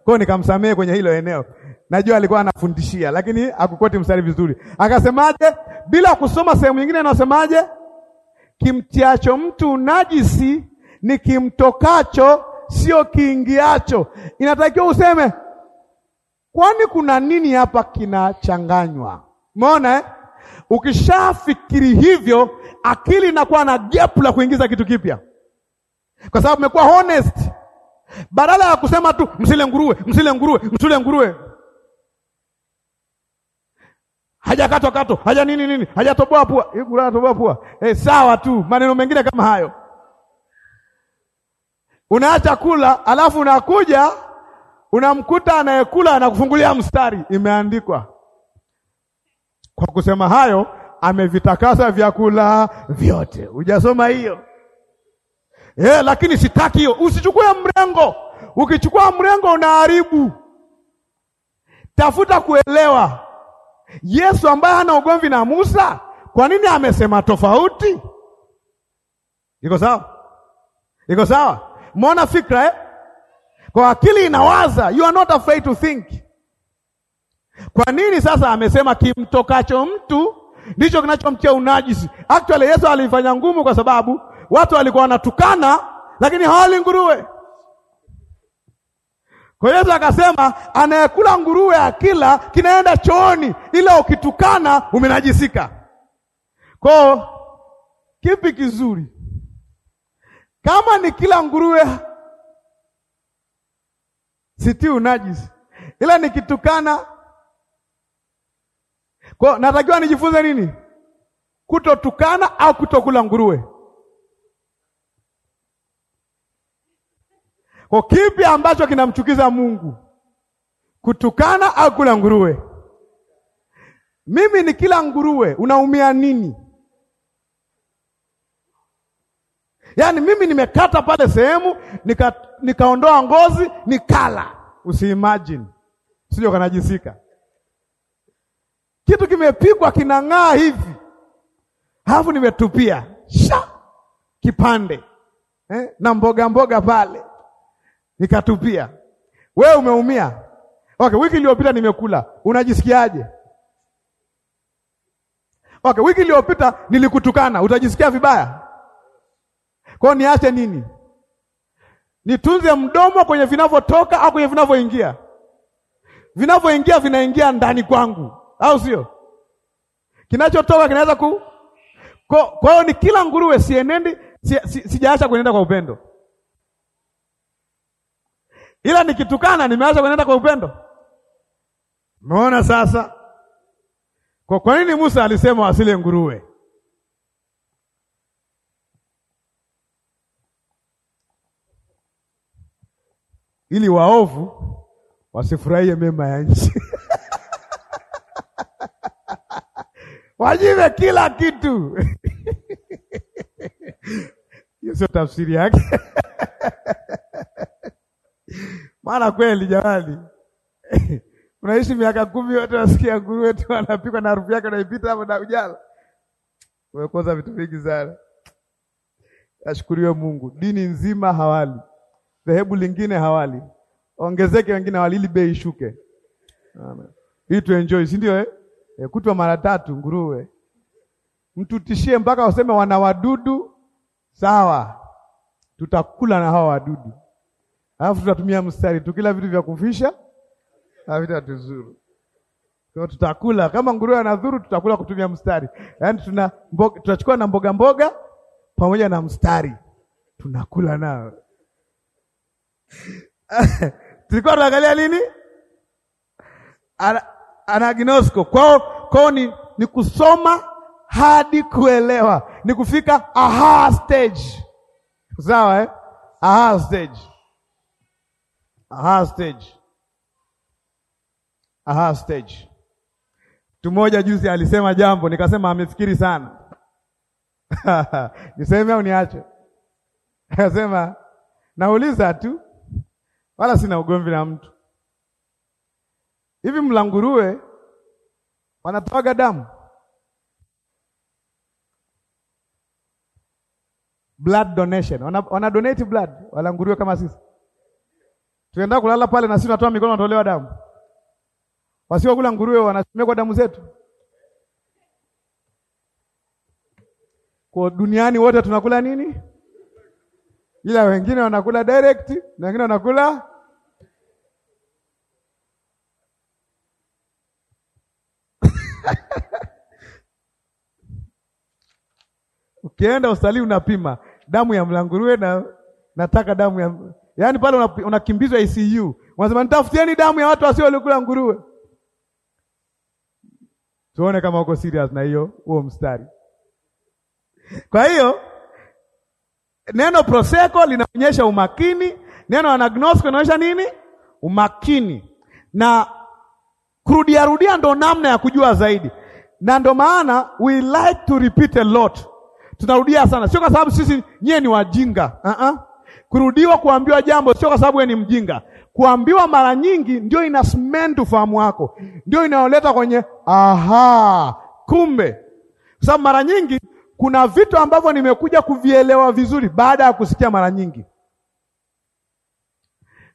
Kwao nikamsamehe kwenye hilo eneo. Najua alikuwa anafundishia, lakini akukoti mstari vizuri. Akasemaje? Bila kusoma sehemu nyingine anasemaje? Kimtiacho mtu najisi ni kimtokacho, sio kiingiacho. Inatakiwa useme, kwani kuna nini hapa kinachanganywa? Umeona eh? Ukishafikiri hivyo, akili inakuwa na gap la kuingiza kitu kipya, kwa sababu umekuwa honest. Badala ya kusema tu msile nguruwe, msile nguruwe, msile nguruwe, hajakatwa kato, haja nini nini, hajatoboa pua, toboa pua, eh, sawa tu, maneno mengine kama hayo. Unaacha kula, alafu unakuja unamkuta anayekula anakufungulia mstari, imeandikwa kwa kusema hayo amevitakasa vyakula vyote. Hujasoma hiyo eh? Lakini sitaki hiyo, usichukue mrengo. Ukichukua mrengo unaharibu. Tafuta kuelewa Yesu ambaye hana ugomvi na Musa, kwa nini amesema tofauti? Iko sawa? Iko sawa? Mwona fikra eh? Kwa akili inawaza, you are not afraid to think. Kwa nini sasa amesema kimtokacho mtu ndicho kinachomtia unajisi? Actually Yesu alifanya ngumu, kwa sababu watu walikuwa wanatukana, lakini hawali nguruwe. Kwa Yesu akasema anayekula nguruwe akila kinaenda chooni, ila ukitukana umenajisika. Kwa kipi kizuri kama ni kila nguruwe siti unajisi, ila nikitukana kwa natakiwa nijifunze nini? Kutotukana au kutokula nguruwe? Kwa kipi ambacho kinamchukiza Mungu, kutukana au kula nguruwe? Mimi ni kila nguruwe, unaumia nini? Yaani mimi nimekata pale sehemu nika, nikaondoa ngozi nikala, usiimagine, sio kanajisika kitu kimepigwa kinang'aa hivi, halafu nimetupia sha kipande eh, na mboga mboga pale nikatupia. Wewe umeumia? Okay, wiki iliyopita nimekula, unajisikiaje? Okay, wiki iliyopita nilikutukana, utajisikia vibaya? Kwa niache nini? Nitunze mdomo kwenye vinavyotoka au kwenye vinavyoingia? Vinavyoingia vinaingia ndani kwangu au sio? Kinachotoka kinaweza ku kwa hiyo ni kila nguruwe, sienendi si, sijaacha kuenenda kwa upendo, ila nikitukana nimeacha kuenenda kwa upendo. Umeona sasa? Kwa kwa nini Musa alisema wasile nguruwe? Ili waovu wasifurahie mema ya nchi. [LAUGHS] wajive kila kitu [LAUGHS] hiyo sio tafsiri yake [LAUGHS] maana kweli jamani [LAUGHS] unaishi miaka kumi yote wasikia nguruwe tu anapikwa na harufu yake unaipita hapo na ujala umekosa vitu vingi sana ashukuriwe Mungu dini nzima hawali dhehebu lingine hawali ongezeke wengine hawali ili bei ishuke hii tuenjoy si ndio eh e, kutwa mara tatu nguruwe, mtu tishie mpaka useme wana wadudu, sawa, tutakula na hawa wadudu, alafu tutatumia mstari, tukila vitu vya kufisha na kwa tutakula kama nguruwe anadhuru, tutakula kutumia mstari. Yaani tuna mboga, tutachukua na mboga mboga pamoja na mstari tunakula nao. [LAUGHS] Tulikuwa tunaangalia nini? Ala, anagnosko kwao kwa ni, ni kusoma hadi kuelewa, ni kufika aha stage. Sawa eh? aha stage, aha stage, aha stage. Mtu mmoja juzi alisema jambo nikasema amefikiri sana [LAUGHS] niseme au niache? Akasema nauliza tu, wala sina ugomvi na mtu Hivi mlanguruwe wanatoaga damu? Blood donation. Wana, wana donate blood walangurue kama sisi. Tuenda kulala pale na sisi tunatoa mikono tunatolewa damu. kula nguruwe wanachomekwa damu zetu. Kwa duniani wote tunakula nini? Ila wengine wanakula direct na wengine wanakula [LAUGHS] Ukienda hospitali unapima damu ya mlanguruwe na nataka damu ya yaani, pale unakimbizwa una ICU, unasema nitafutieni damu ya watu walikula nguruwe. Tuone kama uko serious na hiyo huo mstari. Kwa hiyo neno proseko linaonyesha umakini, neno anagnosko linaonyesha nini? Umakini na Kurudia rudia ndo namna ya kujua zaidi, na ndo maana we like to repeat a lot. Tunarudia sana, sio kwa sababu sisi nyie ni wajinga uh -uh. Kurudiwa kuambiwa jambo sio kwa sababu wewe ni mjinga. Kuambiwa mara nyingi ndio ina cement ufahamu wako, ndio inayoleta kwenye aha, kumbe. Kwa sababu mara nyingi kuna vitu ambavyo nimekuja kuvielewa vizuri baada ya kusikia mara nyingi.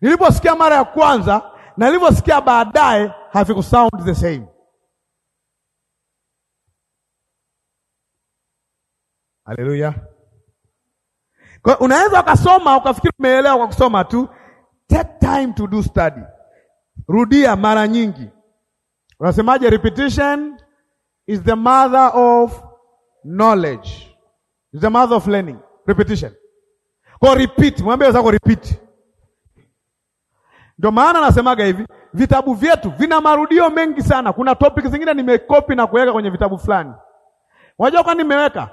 Niliposikia mara ya kwanza na nilivyosikia baadaye haviku sound the same. Haleluya! Kwa unaweza ukasoma ukafikiri umeelewa kwa kusoma tu. Take time to do study, rudia mara nyingi. Unasemaje? repetition is the mother of knowledge, is the mother of learning. Repetition. Kwa repeat, mwambie wenzako repeat ndio maana nasemaga hivi, vitabu vyetu vina marudio mengi sana. Kuna topic zingine nimekopi na kuweka kwenye vitabu fulani. Unajua kwa nimeweka?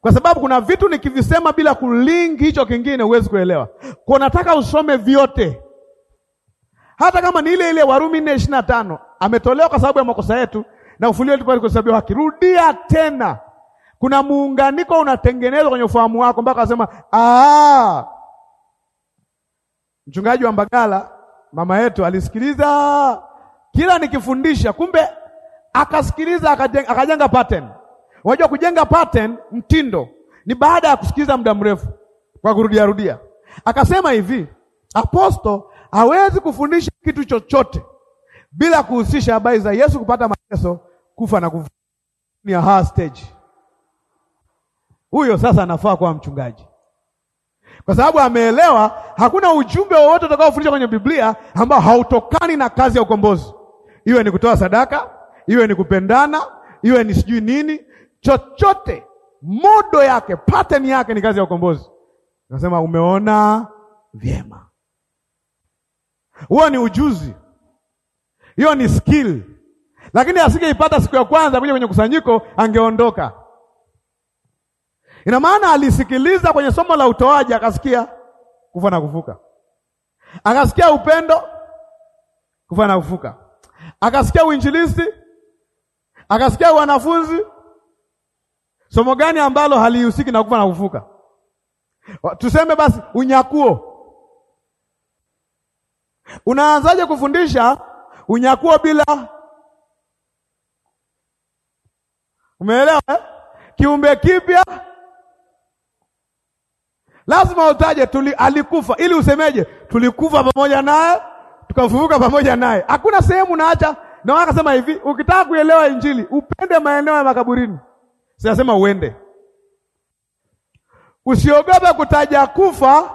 Kwa sababu kuna vitu nikivisema bila kulingi hicho kingine huwezi kuelewa. Kwa nataka usome vyote. Hata kama ni ile ile Warumi 4:25 ametolewa kwa sababu ya makosa yetu na ufufuo wetu kwa sababu ya haki. Rudia tena. Kuna muunganiko unatengenezwa kwenye ufahamu wako mpaka asema ah. Mchungaji wa Mbagala mama yetu alisikiliza kila nikifundisha, kumbe akasikiliza, akajenga, akajenga pattern. Unajua kujenga pattern, mtindo ni baada ya kusikiliza muda mrefu kwa kurudia rudia. Akasema hivi, aposto hawezi kufundisha kitu chochote bila kuhusisha habari za Yesu kupata mateso, kufa na kufufuka. Ni a hostage huyo. Sasa anafaa kuwa mchungaji kwa sababu ameelewa hakuna ujumbe wowote utakaofundishwa kwenye Biblia ambao hautokani na kazi ya ukombozi, iwe ni kutoa sadaka, iwe ni kupendana, iwe ni sijui nini, chochote. Modo yake pattern yake ni kazi ya ukombozi. Nasema umeona vyema, huo ni ujuzi, hiyo ni skill. Lakini asingeipata siku ya kwanza kuja kwenye kusanyiko, angeondoka. Ina maana alisikiliza kwenye somo la utoaji, akasikia kufa na kufuka, akasikia upendo, kufa na kufuka, akasikia uinjilisti, akasikia wanafunzi. Somo gani ambalo halihusiki na kufa na kufuka? Tuseme basi unyakuo. Unaanzaje kufundisha unyakuo bila umeelewa eh? kiumbe kipya lazima utaje tuli, alikufa ili usemeje, tulikufa pamoja naye tukafufuka pamoja naye. Hakuna sehemu naacha na akasema hivi, ukitaka kuelewa Injili upende maeneo ya makaburini. Sinasema uende, usiogope kutaja kufa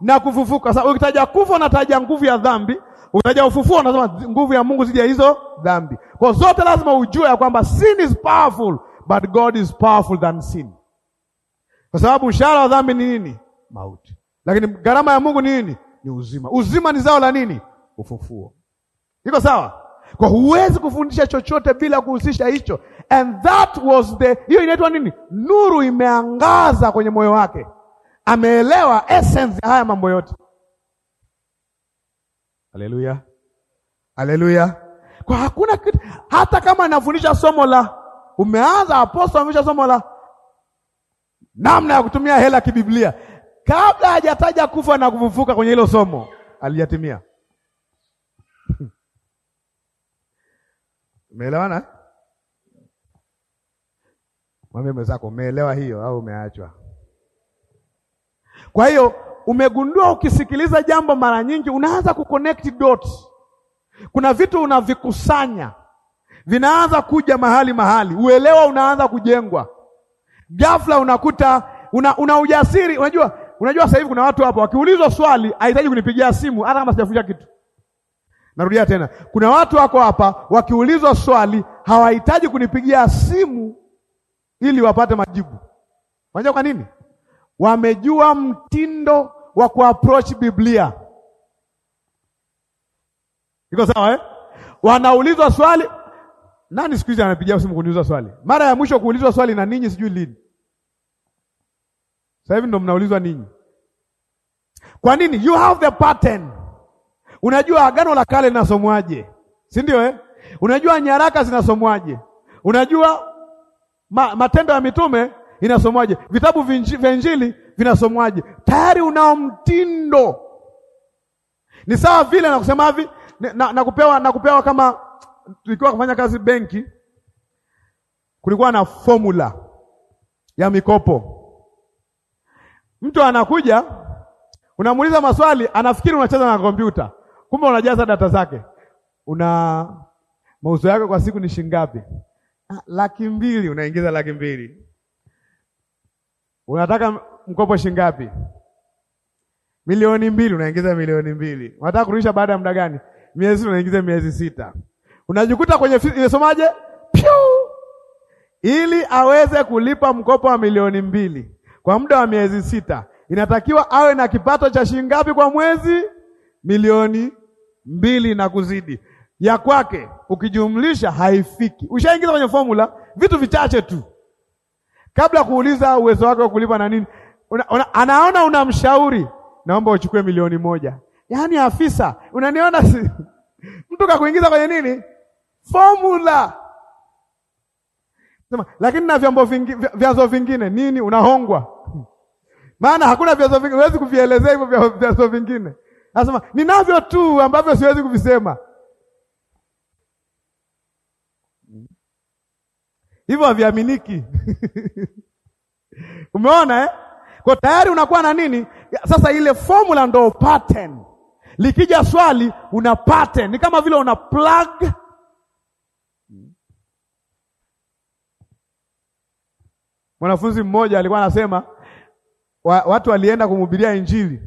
na kufufuka. Sasa ukitaja kufa unataja nguvu ya dhambi, ukitaja ufufuo unasema nguvu ya Mungu zija hizo dhambi. Kwa zote lazima ujue ya kwamba sin is powerful but God is powerful than sin, kwa sababu mshahara wa dhambi ni nini? mauti, lakini gharama ya Mungu ni nini? Ni uzima. Uzima ni zao la nini? Ufufuo. Iko sawa? Kwa huwezi kufundisha chochote bila kuhusisha hicho, and that was the, hiyo inaitwa nini? Nuru imeangaza kwenye moyo wake, ameelewa essence ya haya mambo yote. Haleluya, haleluya! Kwa hakuna kitu, hata kama anafundisha somo la umeanza, apostol anafundisha somo la namna ya kutumia hela kibiblia, kabla hajataja kufa na kufufuka kwenye hilo somo alijatimia. [LAUGHS] Umeelewana? Mwambie mwenzako umeelewa hiyo au umeachwa. Kwa hiyo umegundua, ukisikiliza jambo mara nyingi unaanza kuconnect dots. Kuna vitu unavikusanya vinaanza kuja mahali mahali, uelewa unaanza kujengwa. Ghafla unakuta una, una ujasiri unajua Unajua sasa hivi kuna watu hapo wakiulizwa swali hahitaji kunipigia simu hata kama sijafunja kitu. Narudia tena, kuna watu wako hapa wakiulizwa swali hawahitaji kunipigia simu ili wapate majibu. Unajua kwa nini? Wamejua mtindo wa kuapproach Biblia. Iko sawa eh? Wanaulizwa swali. Nani siku hizi anapigia simu kuniuliza swali? Mara ya mwisho kuulizwa swali na ninyi sijui lini. Sasa hivi ndo mnaulizwa ninyi, kwa nini? You have the pattern. Unajua agano la kale linasomwaje, si ndio eh? Unajua nyaraka zinasomwaje, unajua ma, matendo ya mitume inasomwaje, vitabu vya Injili vinasomwaje. Tayari unao mtindo. Ni sawa vile nakusema hivi na, nakupewa kupewa kama tulikuwa kufanya kazi benki, kulikuwa na formula ya mikopo Mtu anakuja unamuuliza maswali, anafikiri unacheza na kompyuta, kumbe unajaza data zake. Una mauzo yako kwa siku ni shingapi? Ah, laki mbili. Unaingiza laki mbili. Unataka mkopo shingapi? Milioni mbili. Unaingiza milioni mbili. Unataka kurudisha baada ya muda gani? Miezi. Unaingiza miezi sita. Unajikuta kwenye imesomaje? Piu, ili aweze kulipa mkopo wa milioni mbili kwa muda wa miezi sita, inatakiwa awe na kipato cha shilingi ngapi kwa mwezi? Milioni mbili na kuzidi. Ya kwake ukijumlisha haifiki. Ushaingiza kwenye formula vitu vichache tu, kabla kuuliza uwezo wake wa kulipa na nini. Una, una, anaona unamshauri, naomba uchukue milioni moja. Yaani afisa, unaniona si? [LAUGHS] mtu kakuingiza kwenye nini formula sema, lakini na vyombo vingi, vyanzo vingine nini, unahongwa maana hakuna vyanzo vingine, huwezi kuvielezea hivyo vyanzo vingine. Anasema ninavyo tu ambavyo siwezi kuvisema. Hivyo haviaminiki. [LAUGHS] Umeona eh? Kwa tayari unakuwa na nini? Sasa ile formula ndo pattern. Likija swali una pattern. Ni kama vile una plug Mwanafunzi mmoja alikuwa anasema wa, watu walienda kumhubiria Injili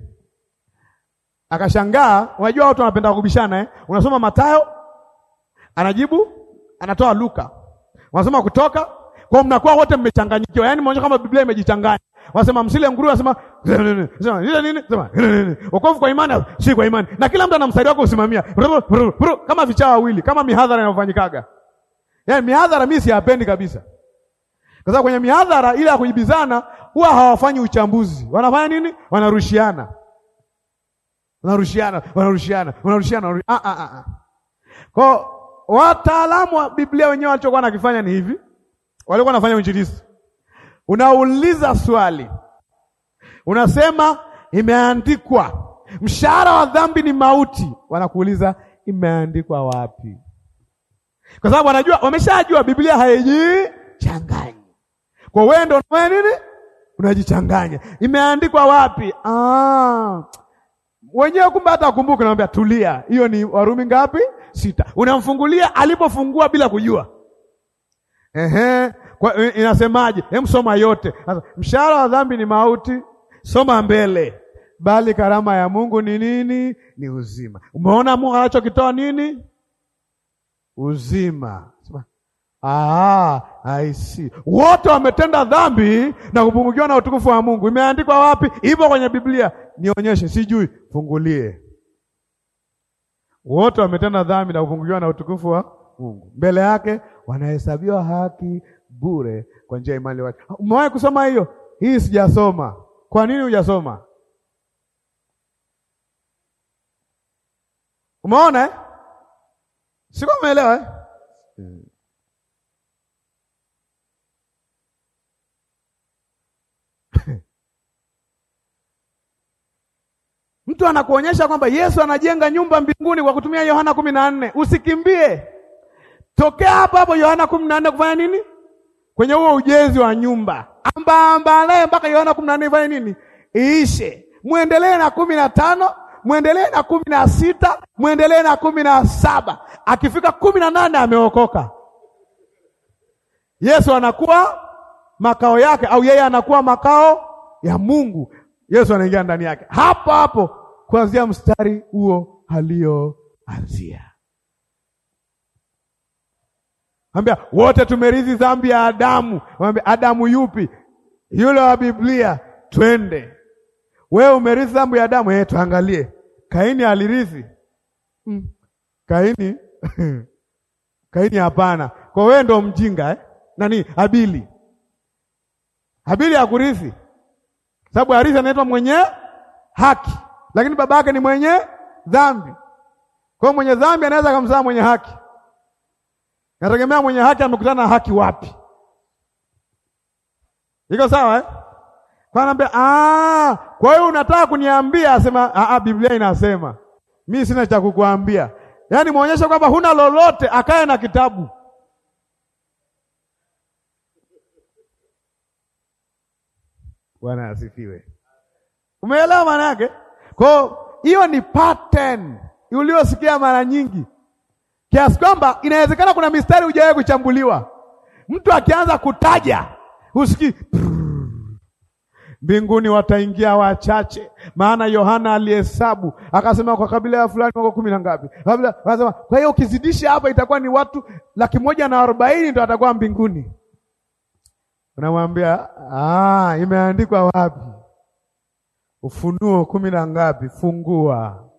akashangaa. Unajua watu wanapenda kubishana eh? Unasoma Mathayo anajibu anatoa Luka, unasoma Kutoka kwa mnakuwa wote mmechanganyikiwa, yaani mnaonyesha kama Biblia imejichanganya. wasema msile nguruwe, anasema nini? Wokovu kwa imani, si kwa imani, na kila mtu ana msaidi wake usimamia, kama vichaa wawili, kama mihadhara inayofanyikaga. Yaani mihadhara mimi siyapendi kabisa, kwa sababu kwenye mihadhara ile ya kujibizana huwa hawafanyi uchambuzi. Wanafanya nini? Wanarushiana, wanarushiana, wanarushiana, wanarushiana. Ah, ah, ah, ah. Kwa wataalamu wa Biblia wenyewe walichokuwa nakifanya ni hivi, walikuwa wanafanya uinjilisti. Unauliza swali, unasema imeandikwa mshahara wa dhambi ni mauti. Wanakuuliza imeandikwa wapi? Kwa sababu wanajua, wameshajua Biblia haijichangani. Kwa wewe ndio unafanya nini? unajichanganya, imeandikwa wapi? Ah, wenyewe kumbe hata kumbuka. Naambia tulia, hiyo ni Warumi ngapi? Sita. Unamfungulia alipofungua bila kujua. Ehe, kwa eh, inasemaje? Hem, soma yote. Sasa mshahara wa dhambi ni mauti, soma mbele, bali karama ya Mungu ni nini? Ni uzima. Umeona Mungu anachokitoa nini? Uzima. Sema Ah, I see. Wote wametenda dhambi na kupungukiwa na utukufu wa Mungu. Imeandikwa wapi? Ipo kwenye Biblia. Nionyeshe, sijui. Fungulie. Wote wametenda dhambi na kupungukiwa na utukufu wa Mungu. Mbele yake wanahesabiwa haki bure kwa njia ya imani yake. Umewahi kusoma hiyo? Hii sijasoma. Kwa nini hujasoma? Umeona? Sikuwa umeelewa eh? Mtu anakuonyesha kwamba Yesu anajenga nyumba mbinguni kwa kutumia Yohana kumi na nne. Usikimbie, tokea hapo hapo Yohana kumi na nne kufanya nini kwenye huo ujenzi wa nyumba? amba naye mpaka Yohana kumi na nne ifanye nini? Iishe. Mwendelee na kumi na tano mwendelee na kumi na sita mwendelee na kumi na saba Akifika kumi na nane ameokoka. Yesu anakuwa makao yake, au yeye anakuwa makao ya Mungu. Yesu anaingia ndani yake hapo hapo kuanzia mstari huo alioanzia. Ambia wote tumerithi dhambi ya Adamu. Ambia Adamu yupi? Yule wa Biblia. Twende wewe, umerithi dhambi ya Adamu. Eh, tuangalie Kaini alirithi mm. Kaini [LAUGHS] Kaini hapana, kwa wewe ndo mjinga eh? Nani abili Abili hakurithi sababu arithi anaitwa mwenye haki lakini baba yake ni mwenye dhambi. Kwa hiyo mwenye dhambi anaweza akamzaa mwenye haki, nategemea mwenye haki amekutana na haki wapi. Iko sawa eh? Kwa nambe, ah, kwa hiyo unataka kuniambia, asema ah, ah Biblia inasema. Mimi sina cha kukuambia. Yaani muonyeshe kwamba huna lolote, akae na kitabu. Bwana asifiwe. Umeelewa maana yake? Kwa hiyo ni pattern uliosikia mara nyingi kiasi kwamba inawezekana kuna mistari hujawahi kuchambuliwa. Mtu akianza kutaja usikii mbinguni wataingia wachache, maana Yohana alihesabu akasema kwa kabila ya fulani wako kumi na ngapi, kabila anasema. Kwa hiyo ukizidisha hapa itakuwa ni watu laki moja na arobaini ndo atakuwa mbinguni. Unamwambia, ah, imeandikwa wapi? Ufunuo kumi na ngapi? Fungua.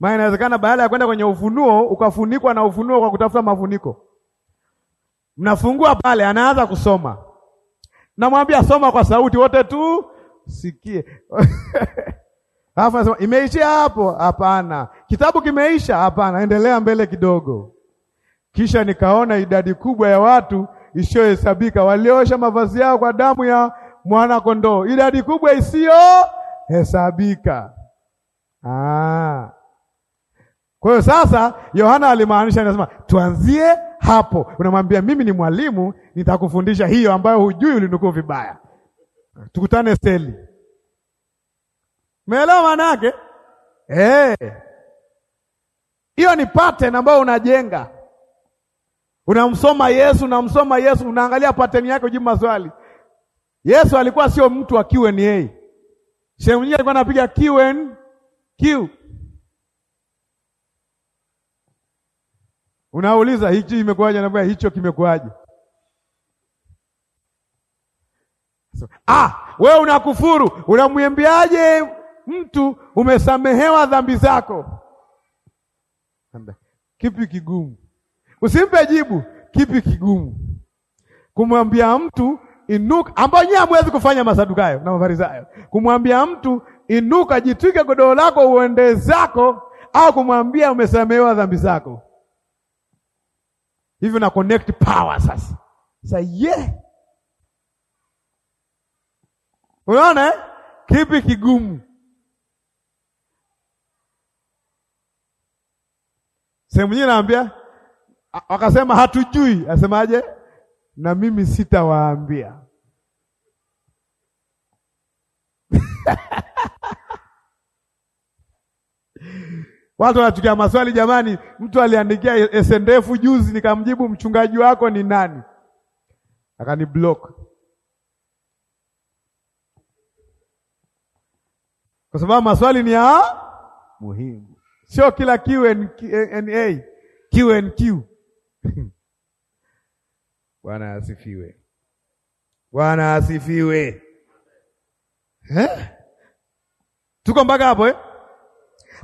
Maana inawezekana baada ya kwenda kwenye Ufunuo ukafunikwa na Ufunuo kwa kutafuta mafuniko. Mnafungua pale, anaanza kusoma, namwambia soma kwa sauti, wote tu sikie. [LAUGHS] Alafu anasema imeishia hapo? Hapana, kitabu kimeisha? Hapana, endelea mbele kidogo. Kisha nikaona idadi kubwa ya watu isiyohesabika, waliosha mavazi yao kwa damu ya mwana kondoo, idadi kubwa isiyo hesabika. Ah. Kwa hiyo sasa Yohana alimaanisha, anasema tuanzie hapo. Unamwambia mimi ni mwalimu, nitakufundisha hiyo ambayo hujui, ulinukuu vibaya. Tukutane seli. Umeelewa maana yake? Eh. Hiyo ni pattern ambayo unajenga. Unamsoma Yesu, unamsoma Yesu, unaangalia pattern yake, ujibu maswali. Yesu alikuwa sio mtu akiwe ni yeye. Sehemu nyingine alikuwa anapiga Q and Q. Unauliza hichi imekuwaje? Anakuambia hicho kimekuwaje? So, ah, wewe unakufuru, unamwambiaje mtu umesamehewa dhambi zako? Kipi kigumu? Usimpe jibu, kipi kigumu? Kumwambia mtu inuka, ambayo nyewe hamwezi kufanya Masadukayo na Mafarisayo, kumwambia mtu inuka, jitwike godoro lako uende zako, au kumwambia umesamehewa dhambi zako. Hivyo na connect power sasa. Sasa ye yeah. Unaona eh? kipi kigumu? Sehemu nyingine naambia, wakasema hatujui, asemaje? na mimi sitawaambia. [LAUGHS] Watu wanachukia maswali jamani. Mtu aliandikia ese ndefu juzi, nikamjibu mchungaji wako ni nani? Akani block kwa sababu maswali ni ya muhimu, sio kila Q&A Q&Q [LAUGHS] Bwana asifiwe. Bwana asifiwe. Eh? Tuko mpaka hapo eh?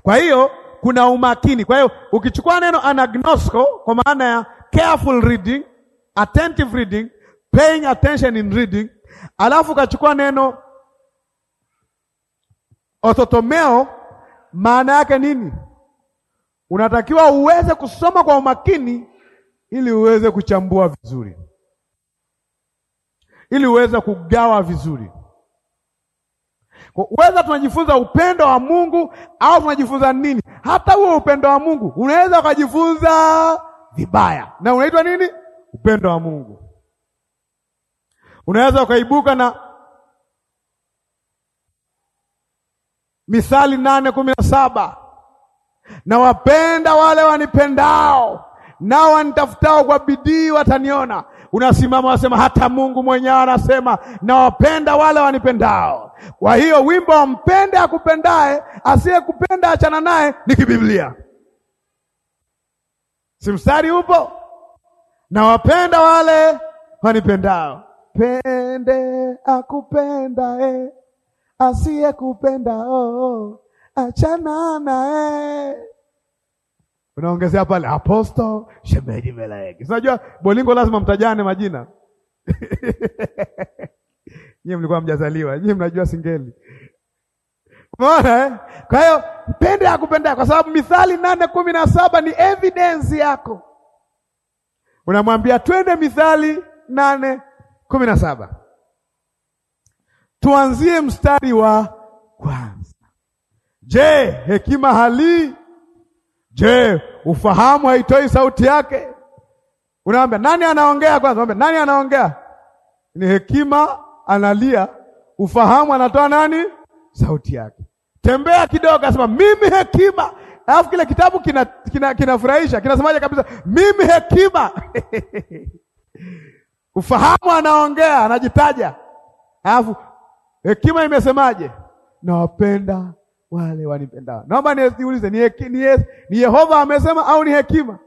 Kwa hiyo kuna umakini. Kwa hiyo ukichukua neno anagnosko kwa maana ya careful reading, attentive reading, paying attention in reading, alafu ukachukua neno orthotomeo, maana yake nini? Unatakiwa uweze kusoma kwa umakini ili uweze kuchambua vizuri ili uweze kugawa vizuri. Uweza tunajifunza upendo wa Mungu au tunajifunza nini? Hata huo upendo wa Mungu unaweza ukajifunza vibaya, na unaitwa nini? Upendo wa Mungu. Unaweza ukaibuka na Mithali nane kumi na saba na wapenda wale wanipendao nao wanitafutao kwa bidii wataniona unasimama unasema, hata Mungu mwenyewe anasema nawapenda wale wanipendao. Kwa hiyo wimbo wa mpende akupendaye, asiyekupenda achana naye ni kibiblia, si mstari upo? Nawapenda wale wanipendao, pende oh, asiyekupendao achana naye unaongezea pale aposto shemeji Melaeki. Unajua bolingo lazima mtajane majina [LAUGHS] nyie mlikuwa mjazaliwa, nyie mnajua singeli Umeona eh? Kwa hiyo mpende akupenda, kwa sababu Mithali nane kumi na saba ni evidence yako. Unamwambia twende Mithali nane kumi na saba tuanzie mstari wa kwanza. Je, hekima halii Je, ufahamu haitoi sauti yake? Unaambia nani anaongea kwanza? Unaambia nani anaongea? Ni hekima analia, ufahamu anatoa nani sauti yake. Tembea kidogo, asema mimi hekima, alafu kile kitabu kinafurahisha, kina, kina kinasemaje kabisa, mimi hekima [LAUGHS] ufahamu anaongea, anajitaja, alafu hekima imesemaje? Nawapenda wale wanipendao. Naomba niulize ni, ni, ni Yehova amesema au ni hekima?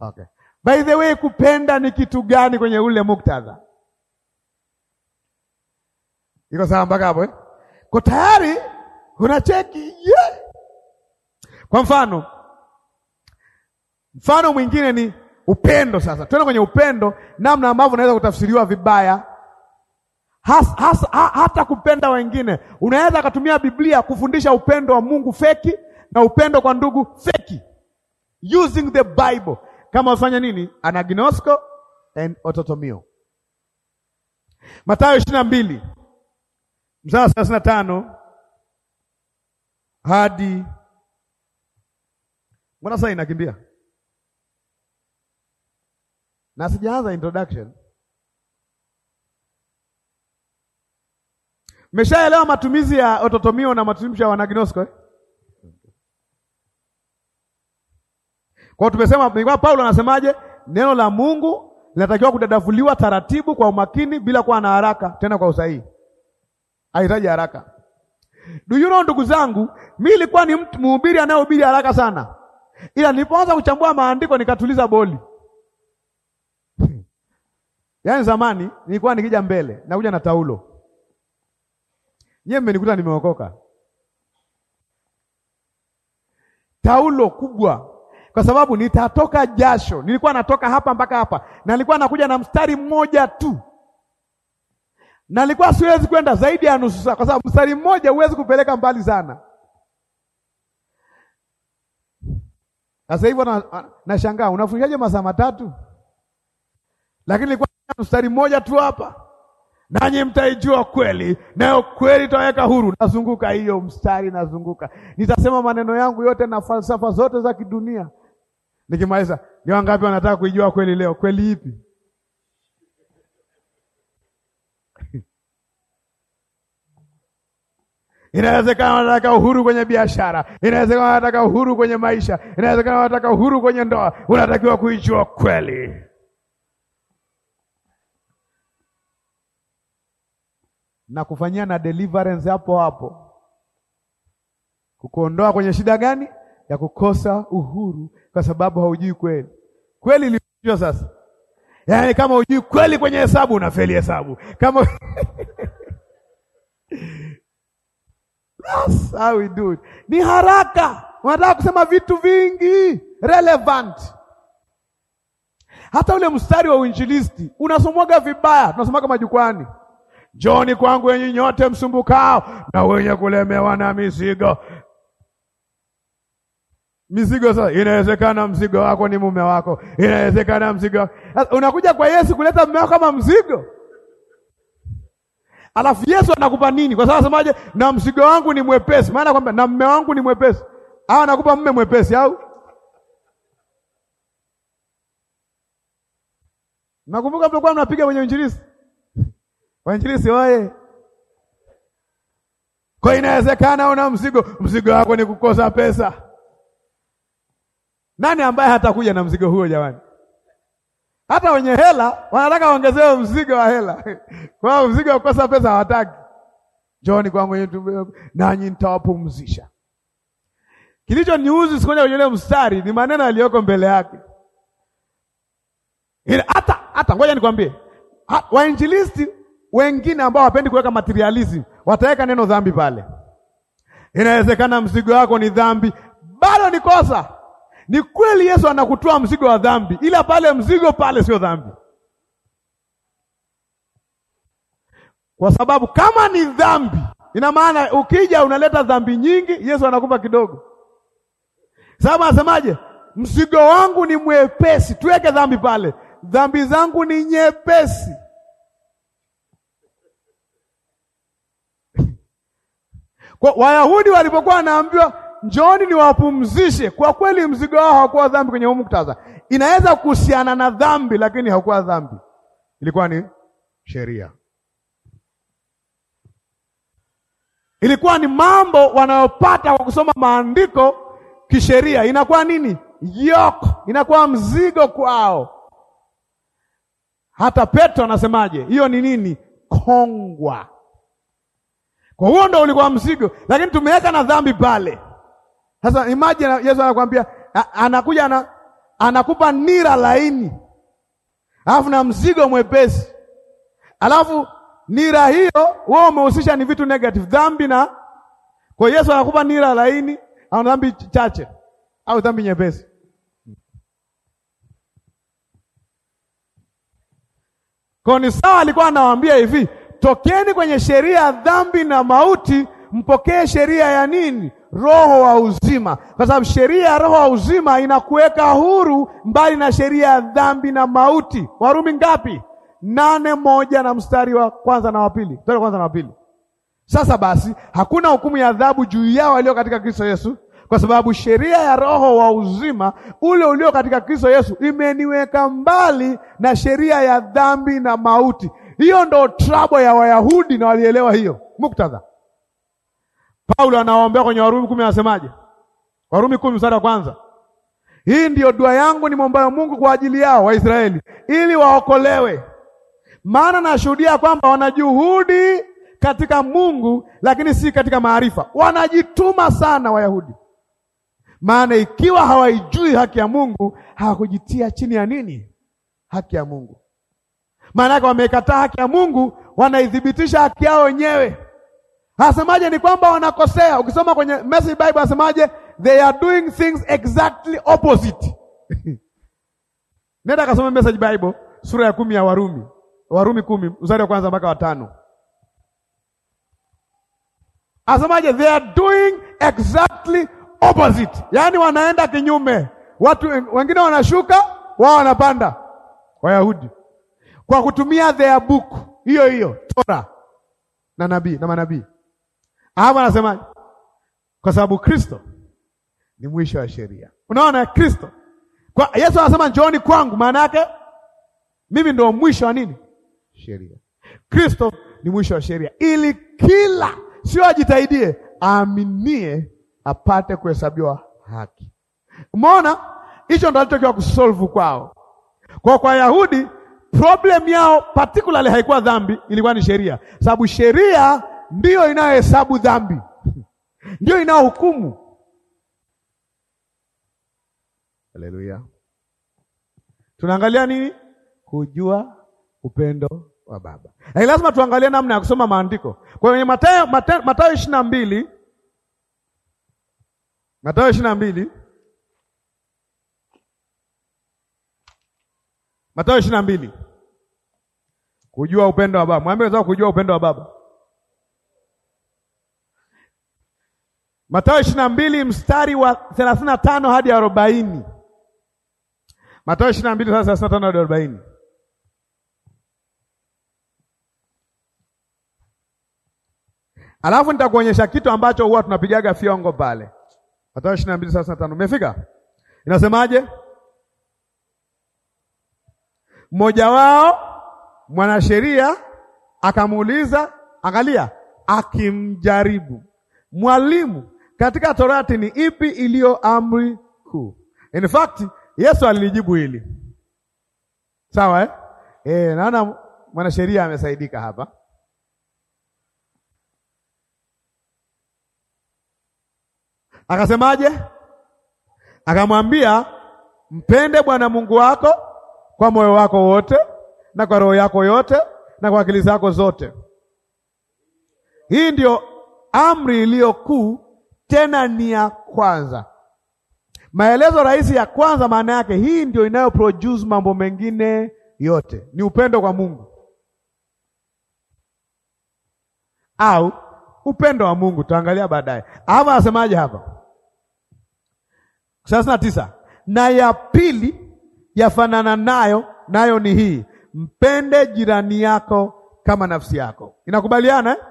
Okay. By the way, kupenda ni kitu gani kwenye ule muktadha? Iko sawa mpaka hapo eh? Kwa tayari una cheki yeah. Kwa mfano mfano mwingine ni upendo. Sasa tuende kwenye upendo, namna ambavyo unaweza kutafsiriwa vibaya has, has, ha, hata kupenda wengine. Unaweza kutumia Biblia kufundisha upendo wa Mungu feki na upendo kwa ndugu feki, using the Bible kama wafanya nini, anagnosko and ototomio. Mathayo ishirini na mbili mstari wa thelathini na tano hadi mbona sasa inakimbia na sijaanza introduction. meshaelewa matumizi ya ototomio na matumizi ya wanagnosko eh? Kwa tumesema kwa Paulo anasemaje? Neno la Mungu linatakiwa kudadavuliwa taratibu kwa umakini bila kuwa na haraka, tena kwa usahihi. Haitaji haraka. Do you know, ndugu zangu, mimi nilikuwa ni mtu mhubiri anayehubiri haraka sana, ila nilipoanza kuchambua maandiko nikatuliza boli. [LAUGHS] Yaani zamani nilikuwa nikija mbele nakuja na taulo nyie mmenikuta nimeokoka. Taulo kubwa kwa sababu nitatoka jasho. Nilikuwa natoka hapa mpaka hapa, na nilikuwa nakuja na mstari mmoja tu, na nilikuwa siwezi kwenda zaidi ya nusu saa, kwa sababu mstari mmoja huwezi kupeleka mbali sana. Sasa hivyo nashangaa, na unafundishaje masaa matatu, lakini nilikuwa mstari mmoja tu hapa nanyi mtaijua kweli, nayo kweli itaweka huru. Nazunguka hiyo mstari, nazunguka, nitasema maneno yangu yote na falsafa zote za kidunia. Nikimaliza, ni wangapi wanataka kuijua kweli leo? Kweli ipi? [LAUGHS] Inawezekana wanataka uhuru kwenye biashara, inawezekana wanataka uhuru kwenye maisha, inawezekana wanataka uhuru kwenye ndoa. Unatakiwa kuijua kweli. na kufanyia na deliverance hapo hapo, kukuondoa kwenye shida gani ya kukosa uhuru, kwa sababu haujui kweli kweli ilivyo sasa. Yaani, kama hujui kweli kwenye hesabu unafeli hesabu kama [LAUGHS] That's how we do it. Ni haraka, unataka kusema vitu vingi relevant. Hata ule mstari wa uinjilisti unasomwaga vibaya, tunasoma majukwani Njoni kwangu enyi nyote msumbukao na wenye kulemewa na mizigo. Mizigo sasa, inawezekana mzigo wako ni mume wako, inawezekana mzigo wako. Unakuja kwa Yesu kuleta mume wako kama mzigo, alafu Yesu anakupa nini? Kwa sababu asemaje? Na mzigo wangu ni mwepesi, maana kwamba na mume wangu ni mwepesi. Au anakupa mume mwepesi au Nakumbuka mlikuwa mnapiga kwenye injilisi. Wainjilisi waye. Kwa inawezekana una mzigo, mzigo wako ni kukosa pesa. Nani ambaye hatakuja na mzigo huo jamani? Hata wenye hela wanataka waongezewe mzigo wa hela. [LAUGHS] Kwa hiyo mzigo wa kukosa pesa hawataki. Njooni kwangu nanyi nitawapumzisha. Kilichoniuzi sikuja kwenye mstari ni maneno yaliyoko mbele yake. Ila hata hata ngoja nikwambie, wainjilisti wengine ambao wapendi kuweka materialism wataweka neno dhambi pale. Inawezekana mzigo wako ni dhambi, bado ni kosa. Ni kweli Yesu anakutoa mzigo wa dhambi, ila pale mzigo pale sio dhambi, kwa sababu kama ni dhambi, ina maana ukija unaleta dhambi nyingi, Yesu anakupa kidogo. Sababu asemaje Mzigo wangu ni mwepesi, tuweke dhambi pale, dhambi zangu ni nyepesi. Kwa Wayahudi walipokuwa wanaambiwa njooni niwapumzishe, kwa kweli mzigo wao hakuwa dhambi kwenye huu muktadha. Inaweza kuhusiana na dhambi, lakini hakuwa dhambi, ilikuwa ni sheria, ilikuwa ni mambo wanayopata kwa kusoma maandiko kisheria. Inakuwa nini? Yoko, inakuwa mzigo kwao. Hata Petro anasemaje? Hiyo ni nini? Kongwa kwa huo ndo ulikuwa mzigo, lakini tumeweka na dhambi pale. Sasa imagine Yesu anakuambia, anakuja na anakupa nira laini alafu na mzigo mwepesi, alafu nira hiyo wewe umehusisha ni vitu negative, dhambi na kwa Yesu anakupa nira laini au dhambi chache au dhambi nyepesi. Kwa ni sawa, alikuwa anawaambia hivi, tokeni kwenye sheria ya dhambi na mauti, mpokee sheria ya nini? Roho wa uzima, kwa sababu sheria ya roho wa uzima inakuweka huru mbali na sheria ya dhambi na mauti. Warumi ngapi? nane moja na mstari wa kwanza na wa pili, mstari wa kwanza na wa pili. Sasa basi hakuna hukumu ya adhabu juu yao walio katika Kristo Yesu, kwa sababu sheria ya roho wa uzima ule ulio katika Kristo Yesu imeniweka mbali na sheria ya dhambi na mauti. Hiyo ndo trabo ya Wayahudi na walielewa hiyo muktadha. Paulo anawaombea kwenye Warumi kumi, anasemaje? Warumi kumi mstari wa kwanza, hii ndiyo dua yangu nimwombayo Mungu kwa ajili yao Waisraeli, ili waokolewe, maana nashuhudia kwamba wanajuhudi katika Mungu, lakini si katika maarifa. Wanajituma sana Wayahudi, maana ikiwa hawaijui haki ya Mungu hawakujitia chini ya nini? Haki ya Mungu yake wamekataa haki ya Mungu, wanaithibitisha haki yao wenyewe. Asemaje? Ni kwamba wanakosea. Ukisoma kwenye Message Bible asemaje? They are doing things exactly opposite [LAUGHS] Nenda kasome Message Bible sura ya kumi ya Warumi, Warumi kumi mstari wa kwanza mpaka watano. Asemaje? They are doing exactly opposite, yaani wanaenda kinyume. Watu wengine wanashuka, wao wanapanda, Wayahudi kwa kutumia their book hiyo hiyo Tora na nabii na manabii. Ahabu anasema Kwa sababu Kristo ni mwisho wa sheria. Unaona Kristo kwa Yesu anasema njooni kwangu, maana yake mimi ndio mwisho wa nini? Sheria. Kristo ni mwisho wa sheria, ili kila sio ajitahidie, aaminie apate kuhesabiwa haki. Umeona, hicho ndo alichokiwa kusolve kwao. Kwa kwa Yahudi problem yao particularly haikuwa dhambi, ilikuwa ni sheria, sababu sheria ndiyo inayohesabu dhambi, [LAUGHS] ndiyo inayohukumu. Haleluya! tunaangalia nini? Kujua upendo wa Baba. Lakini lazima tuangalie namna ya kusoma maandiko. Kwa hiyo Mathayo ishirini na mbili Mathayo ishirini na mbili Mathayo ishirini na mbili. Kujua upendo wa Baba. Mwambie wenzako kujua upendo wa Baba. Mathayo ishirini na mbili mstari wa thelathini na tano hadi arobaini. Mathayo ishirini na mbili thelathini na tano hadi arobaini. Alafu nitakuonyesha kitu ambacho huwa tunapigaga fiongo pale. Mathayo ishirini na mbili thelathini na tano. Umefika? Inasemaje? Mmoja wao mwanasheria akamuuliza, angalia, akimjaribu mwalimu, katika Torati ni ipi iliyo amri kuu? In fact Yesu alilijibu hili sawa, eh? E, naona mwanasheria amesaidika hapa. Akasemaje? Akamwambia, mpende Bwana Mungu wako kwa moyo wako wote na kwa roho yako yote na kwa akili zako zote. Hii ndio amri iliyo kuu, tena ni ya kwanza. Maelezo rahisi ya kwanza, maana yake hii ndio inayo produce mambo mengine yote, ni upendo kwa Mungu au upendo wa Mungu. Tutaangalia baadaye. Hapa anasemaje hapa? thelathini na tisa na ya pili yafanana nayo, nayo ni hii, mpende jirani yako kama nafsi yako. Inakubaliana eh?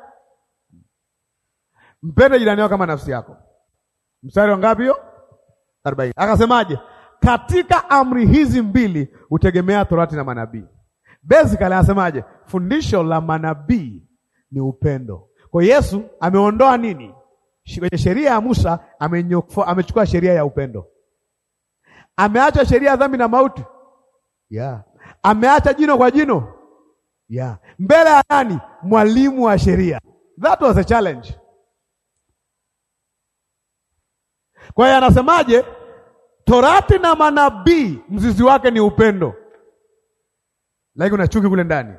Mpende jirani yako kama nafsi yako. Mstari wa ngapi hiyo? 40. Akasemaje? Katika amri hizi mbili hutegemea torati na manabii. Basically anasemaje? Fundisho la manabii ni upendo. Kwa Yesu ameondoa nini? Kwenye sheria ya Musa amechukua sheria ya upendo. Ameacha sheria ya dhambi na mauti yeah. Ameacha jino kwa jino yeah. Mbele ya nani? Mwalimu wa sheria. That was a challenge. Kwa hiyo anasemaje? Torati na manabii mzizi wake ni upendo, lakini kuna chuki kule ndani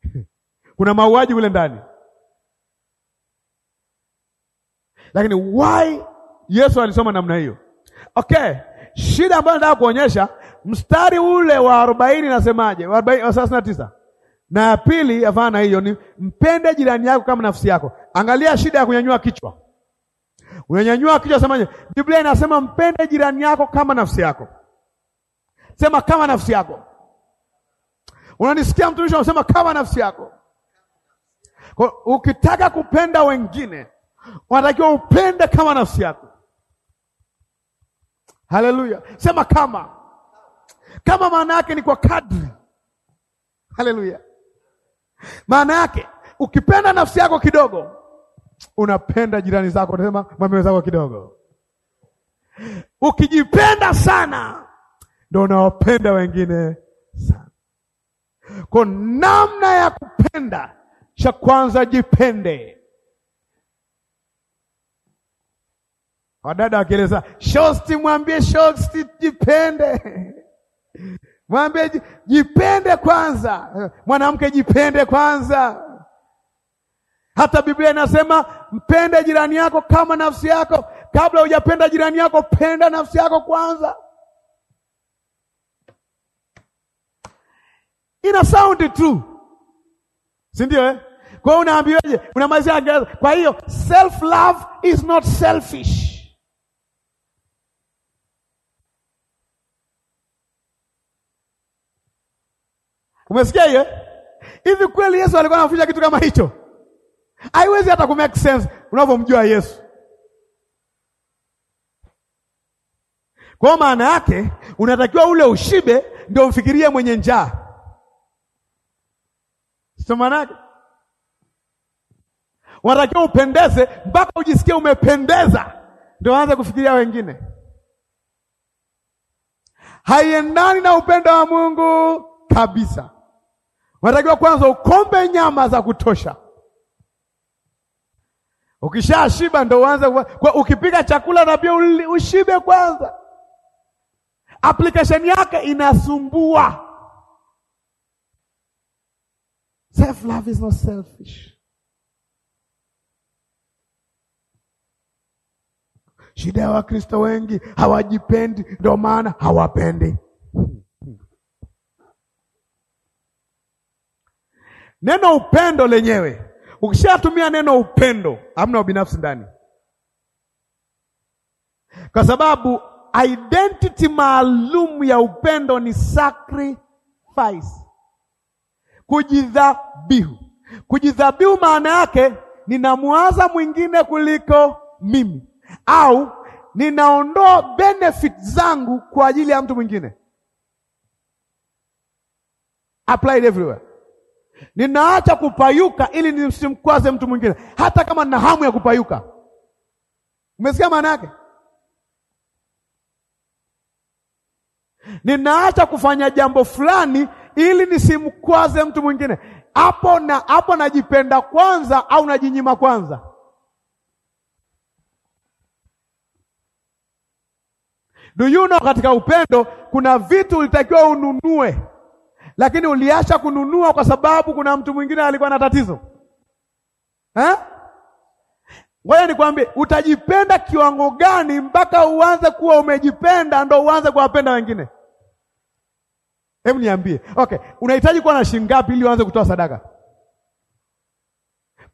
[LAUGHS] kuna mauaji kule ndani. Lakini why Yesu alisoma namna hiyo? Okay shida ambayo nataka kuonyesha mstari ule wa arobaini nasemaje? wa thelathini na tisa na ya pili afana hiyo, ni mpende jirani yako kama nafsi yako. Angalia shida ya kunyanyua kichwa, unanyanyua kichwa, semaje? Biblia inasema mpende jirani yako kama nafsi yako. Sema kama nafsi yako. Unanisikia mtumishi? Unasema kama nafsi yako. Kwa ukitaka kupenda wengine, unatakiwa upende kama nafsi yako. Haleluya, sema kama kama, maana yake ni kwa kadri. Haleluya, maana yake ukipenda nafsi yako kidogo, unapenda jirani zako, nasema mama zako kidogo. Ukijipenda sana, ndio unawapenda wengine sana. Kwa namna ya kupenda, cha kwanza jipende Wadada wakieleza shosti, mwambie shosti jipende, mwambie jipende kwanza, mwanamke jipende kwanza. Hata Biblia inasema mpende jirani yako kama nafsi yako. Kabla hujapenda jirani yako, penda nafsi yako kwanza. Ina sound tu, si ndio eh? Kwa hiyo unaambiwaje? Unamalizia, kwa hiyo self love is not selfish Umesikia hiyo? Hivi kweli Yesu alikuwa anafundisha kitu kama hicho? Haiwezi hata ku make sense unavyomjua Yesu. Kwa maana yake unatakiwa ule ushibe ndio mfikirie mwenye njaa. Sio maana yake? Unatakiwa upendeze mpaka ujisikie umependeza ndio uanze kufikiria wengine. Haiendani na upendo wa Mungu kabisa unatakiwa kwanza ukombe nyama za kutosha. Ukishashiba ndo uanze kwa, ukipika chakula na pia ushibe kwanza. Application yake inasumbua. Self love is not selfish. Shida ya Wakristo wengi hawajipendi, ndio maana hawapendi. Neno upendo lenyewe, ukishatumia neno upendo, hamna ubinafsi ndani, kwa sababu identity maalum ya upendo ni sacrifice, kujidhabihu. Kujidhabihu maana yake ninamwaza mwingine kuliko mimi, au ninaondoa benefit zangu kwa ajili ya mtu mwingine. Applied everywhere Ninaacha kupayuka ili nisimkwaze mtu mwingine, hata kama nina hamu ya kupayuka. Umesikia maana yake? Ninaacha kufanya jambo fulani ili nisimkwaze mtu mwingine. Hapo na hapo, najipenda kwanza au najinyima kwanza? Do you know, katika upendo kuna vitu ulitakiwa ununue lakini uliacha kununua kwa sababu kuna mtu mwingine alikuwa na tatizo eh? Ngoja nikwambie, utajipenda kiwango gani mpaka uanze kuwa umejipenda ndo uanze kuwapenda wengine? Hebu niambie. Okay, unahitaji kuwa na shilingi ngapi ili uanze kutoa sadaka?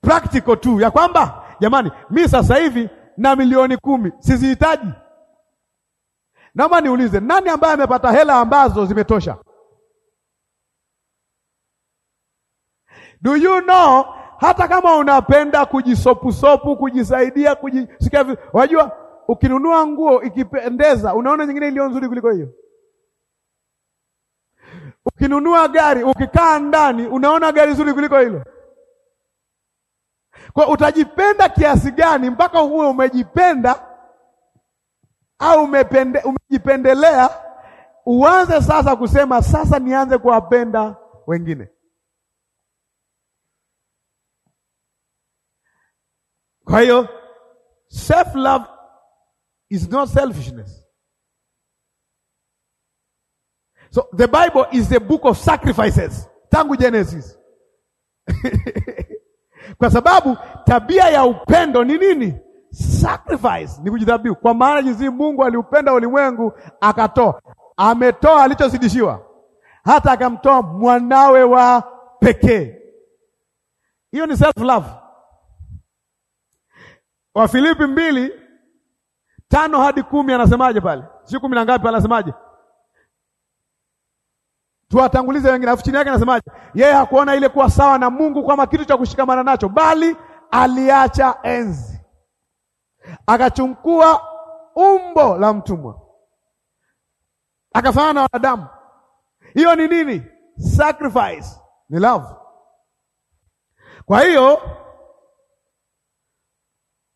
Practical tu ya kwamba jamani, mi sasa hivi na milioni kumi sizihitaji. Naomba niulize, nani ambaye amepata hela ambazo zimetosha? Do you know, hata kama unapenda kujisopusopu, kujisaidia, kujisikia vizuri, unajua ukinunua nguo ikipendeza, unaona nyingine iliyo nzuri kuliko hiyo. Ukinunua gari, ukikaa ndani, unaona gari nzuri kuliko hilo. Kwa utajipenda kiasi gani mpaka uwe umejipenda au umepende, umejipendelea, uanze sasa kusema sasa nianze kuwapenda wengine. Kwa hiyo self love is not selfishness. So the Bible is a book of sacrifices tangu Genesis. [LAUGHS] Kwa sababu tabia ya upendo ni nini? Sacrifice ni kujidhabihu. Kwa maana jinsi Mungu aliupenda ulimwengu akatoa, ametoa alichozidishiwa, hata akamtoa mwanawe wa pekee. Hiyo ni self love wa Filipi mbili tano hadi kumi anasemaje pale? Si kumi na ngapi? Anasemaje? Tuwatangulize wengine, alafu chini yake anasemaje? Yeye hakuona ile kuwa sawa na Mungu kama kitu cha kushikamana nacho, bali aliacha enzi, akachukua umbo la mtumwa, akafanana na wanadamu. Hiyo ni nini? Sacrifice ni love. Kwa hiyo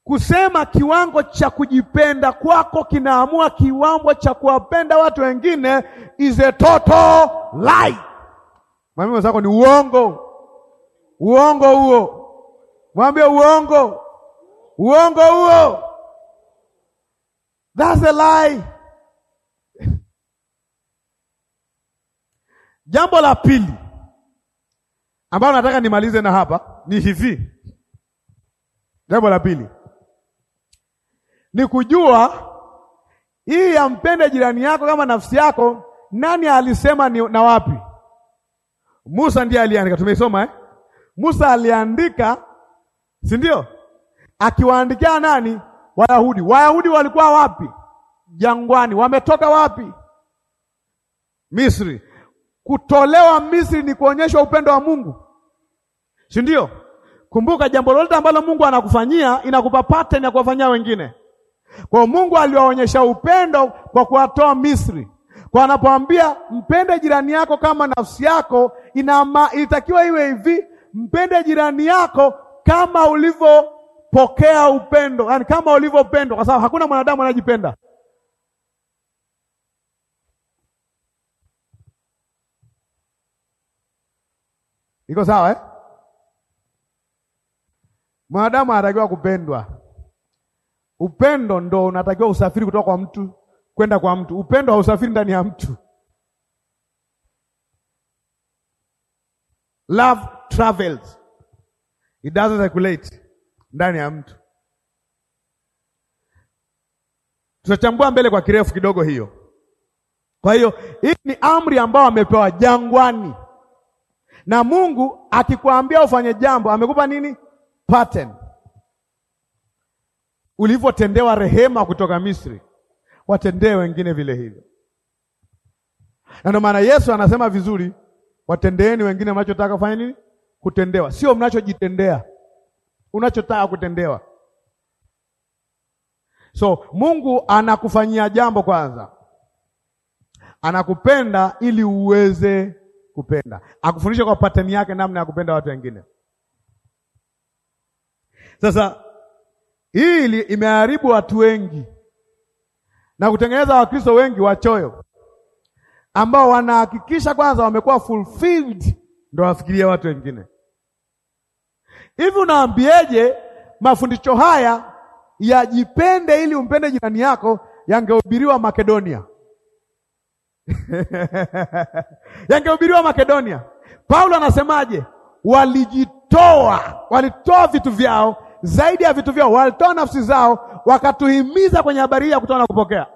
Kusema kiwango cha kujipenda kwako kinaamua kiwango cha kuwapenda watu wengine is a total lie. Mwambie mwenzako ni uongo. Uongo huo. Mwambie uongo. Uongo huo. That's a lie. [LAUGHS] Jambo la pili ambalo nataka nimalize na hapa ni hivi. Jambo la pili ni kujua hii yampende jirani yako kama nafsi yako. Nani alisema ni, na wapi? Musa ndiye aliandika, tumeisoma eh? Musa aliandika, si ndio? Akiwaandikia nani? Wayahudi. Wayahudi walikuwa wapi? Jangwani. Wametoka wapi? Misri. Kutolewa Misri ni kuonyeshwa upendo wa Mungu, si ndio? Kumbuka jambo lolote ambalo Mungu anakufanyia inakupa pattern ya kuwafanyia wengine. Kwa Mungu aliwaonyesha upendo kwa kuwatoa Misri. Kwa anapoambia mpende jirani yako kama nafsi yako, inama, ilitakiwa iwe hivi, mpende jirani yako kama ulivyopokea upendo, yaani kama ulivyopendwa, kwa sababu hakuna mwanadamu anajipenda. Iko sawa eh? Mwanadamu anatakiwa kupendwa Upendo ndo unatakiwa usafiri kutoka kwa mtu kwenda kwa mtu. Upendo hausafiri ndani ya mtu. Love travels. It doesn't circulate ndani ya mtu. Tutachambua mbele kwa kirefu kidogo hiyo. Kwa hiyo hii ni amri ambayo amepewa jangwani, na Mungu akikwambia ufanye jambo amekupa nini? Pattern ulivyotendewa rehema kutoka Misri, watendee wengine vile hivyo. Na ndio maana Yesu anasema vizuri, watendeeni wengine mnachotaka kufanya nini? Kutendewa, sio mnachojitendea, unachotaka kutendewa. So Mungu anakufanyia jambo kwanza, anakupenda ili uweze kupenda, akufundishe kwa pateni yake namna ya kupenda watu wengine. Sasa hii imeharibu watu wengi na kutengeneza Wakristo wengi wachoyo, ambao wanahakikisha kwanza wamekuwa fulfilled ndo wafikirie watu wengine. Hivi unaambieje mafundisho haya yajipende ili umpende jirani yako yangehubiriwa Makedonia? [LAUGHS] yangehubiriwa Makedonia. Paulo anasemaje? Walijitoa, walitoa vitu vyao zaidi ya vitu vyao, walitoa nafsi zao, wakatuhimiza kwenye habari hii ya kutoa na kupokea,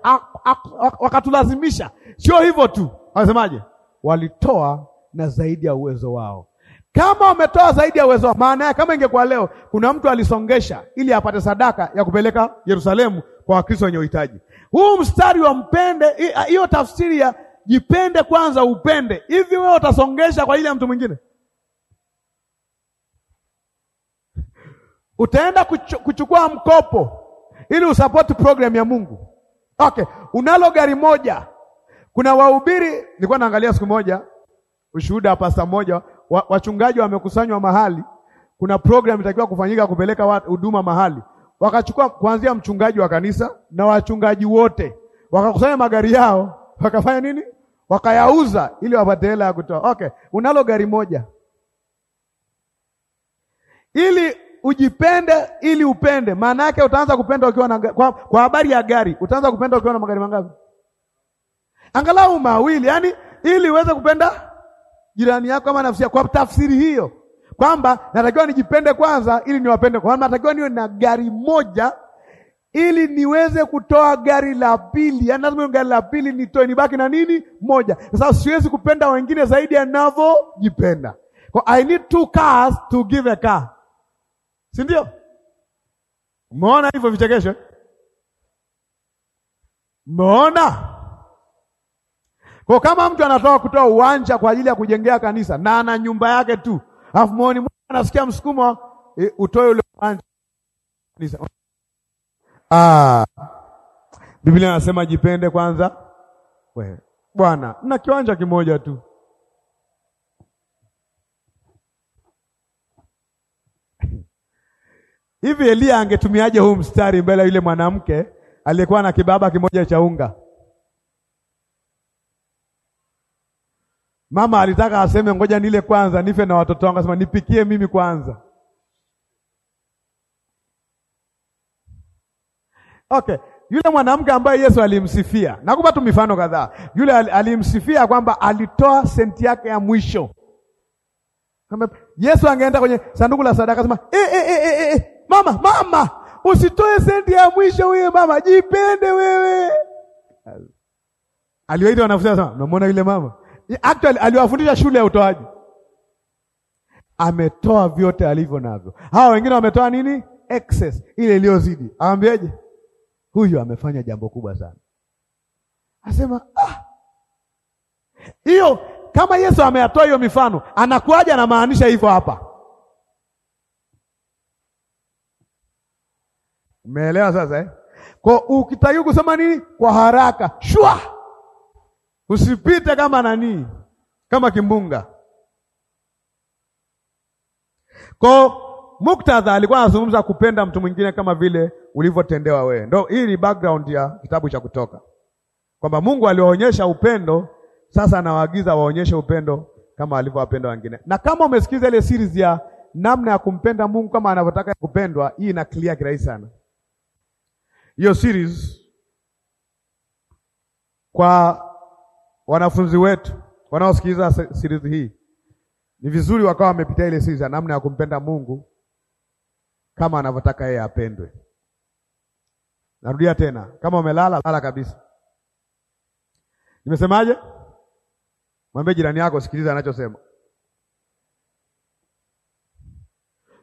wakatulazimisha. Sio hivyo tu, wanasemaje? Walitoa na zaidi ya uwezo wao. Kama wametoa zaidi ya uwezo wao, maana yake kama ingekuwa leo, kuna mtu alisongesha ili apate sadaka ya kupeleka Yerusalemu kwa Wakristo wenye uhitaji. Huu mstari wa mpende, hiyo tafsiri ya jipende kwanza upende, hivi wewe utasongesha kwa ajili ya mtu mwingine? utaenda kuchukua mkopo ili usapoti program ya Mungu. Okay, unalo gari moja. Kuna wahubiri, nilikuwa naangalia siku moja ushuhuda wa pasta mmoja, wachungaji wamekusanywa mahali, kuna program itakiwa kufanyika kupeleka huduma mahali, wakachukua kuanzia mchungaji wa kanisa na wachungaji wote, wakakusanya magari yao, wakafanya nini? Wakayauza ili wapate hela ya kutoa. Okay, unalo gari moja ili ujipende ili upende. Maana yake utaanza kupenda ukiwa na kwa, kwa habari ya gari, utaanza kupenda ukiwa na magari mangapi? Angalau mawili, yani ili uweze kupenda jirani yako ama nafsi yako. Kwa tafsiri hiyo kwamba natakiwa nijipende kwanza ili niwapende, kwa maana natakiwa niwe na gari moja ili niweze kutoa gari la pili, yani lazima gari la pili nitoe, nibaki na nini? Moja. Sasa siwezi kupenda wengine zaidi ya ninavyojipenda. I need two cars to give a car si ndio? Umeona hivyo vichekesho? Umeona? Kwa kama mtu anatoka kutoa uwanja kwa ajili ya kujengea kanisa na ana nyumba yake tu, alafu moyoni mwake anasikia msukumo e, utoe ule uwanja kanisa. Ah. Biblia anasema jipende kwanza wewe. Bwana, mna kiwanja kimoja tu. Hivi Elia angetumiaje huu mstari mbele ya yule mwanamke aliyekuwa na kibaba kimoja cha unga? Mama alitaka aseme ngoja nile kwanza nife na watoto wangu, asema nipikie mimi kwanza. Okay, yule mwanamke ambaye Yesu alimsifia, nakupa tu mifano kadhaa. Yule alimsifia kwamba alitoa senti yake ya mwisho. Yesu angeenda kwenye sanduku la sadaka, asema eh, eh, eh, eh, eh. eh mama, mama, usitoe senti ya mwisho wewe mama, jipende wewe. Aliwaita wanafunzi sana, mnamwona yule mama actually aliwafundisha shule ya utoaji, ametoa vyote alivyo navyo. Hawa wengine wametoa nini? Excess, ile iliyozidi. awambieje Huyu amefanya jambo kubwa sana. Asema ah. hiyo kama Yesu ameyatoa hiyo mifano, anakuaja anamaanisha hivyo hapa Umeelewa sasa eh? Kwa ukitaki kusema nini kwa haraka shwa, usipite kama nani, kama kimbunga. Kwa muktadha, alikuwa anazungumza kupenda mtu mwingine kama vile ulivyotendewa wewe. Ndio hii ni background ya kitabu cha Kutoka, kwamba Mungu aliwaonyesha upendo, sasa anawaagiza waonyeshe upendo kama alivyowapenda wengine. Na kama umesikiza ile series ya namna ya kumpenda Mungu kama anavyotaka kupendwa, hii ina clear kirahisi sana hiyo series kwa wanafunzi wetu wanaosikiliza series hii, ni vizuri wakawa wamepitia ile series ya namna ya kumpenda Mungu kama anavyotaka yeye apendwe. Narudia tena, kama umelala lala kabisa. Nimesemaje? Mwambie jirani yako, sikiliza anachosema.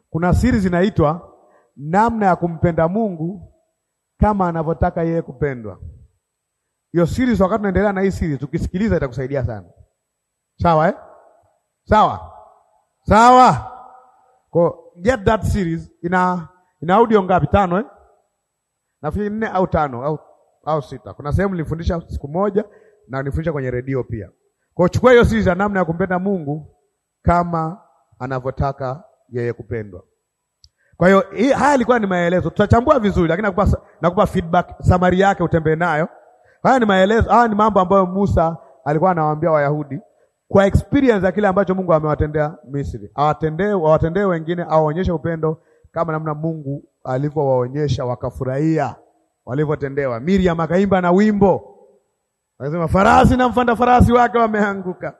Kuna series inaitwa namna ya kumpenda Mungu kama anavyotaka yeye kupendwa. Hiyo series, wakati tunaendelea na hii series, tukisikiliza itakusaidia sana. Sawa eh? Sawa sawa. Ko, get that series ina ina audio ngapi? Tano eh? Nafikiri nne au tano au au sita. Kuna sehemu nilifundisha siku moja na nilifundisha kwenye redio pia. Kwa chukua hiyo series ya namna ya kumpenda Mungu kama anavyotaka yeye kupendwa. Kwa hiyo haya yalikuwa ni maelezo, tutachambua vizuri, lakini nakupa, nakupa feedback samari yake utembee nayo. Haya ni maelezo, haya ni mambo ambayo Musa alikuwa anawaambia Wayahudi kwa experience ya kile ambacho Mungu amewatendea Misri, awatendee awatendee wengine, awaonyeshe upendo kama namna Mungu alivyowaonyesha wakafurahia walivyotendewa. Miriam akaimba na wimbo akasema, farasi na mfanda farasi wake wameanguka.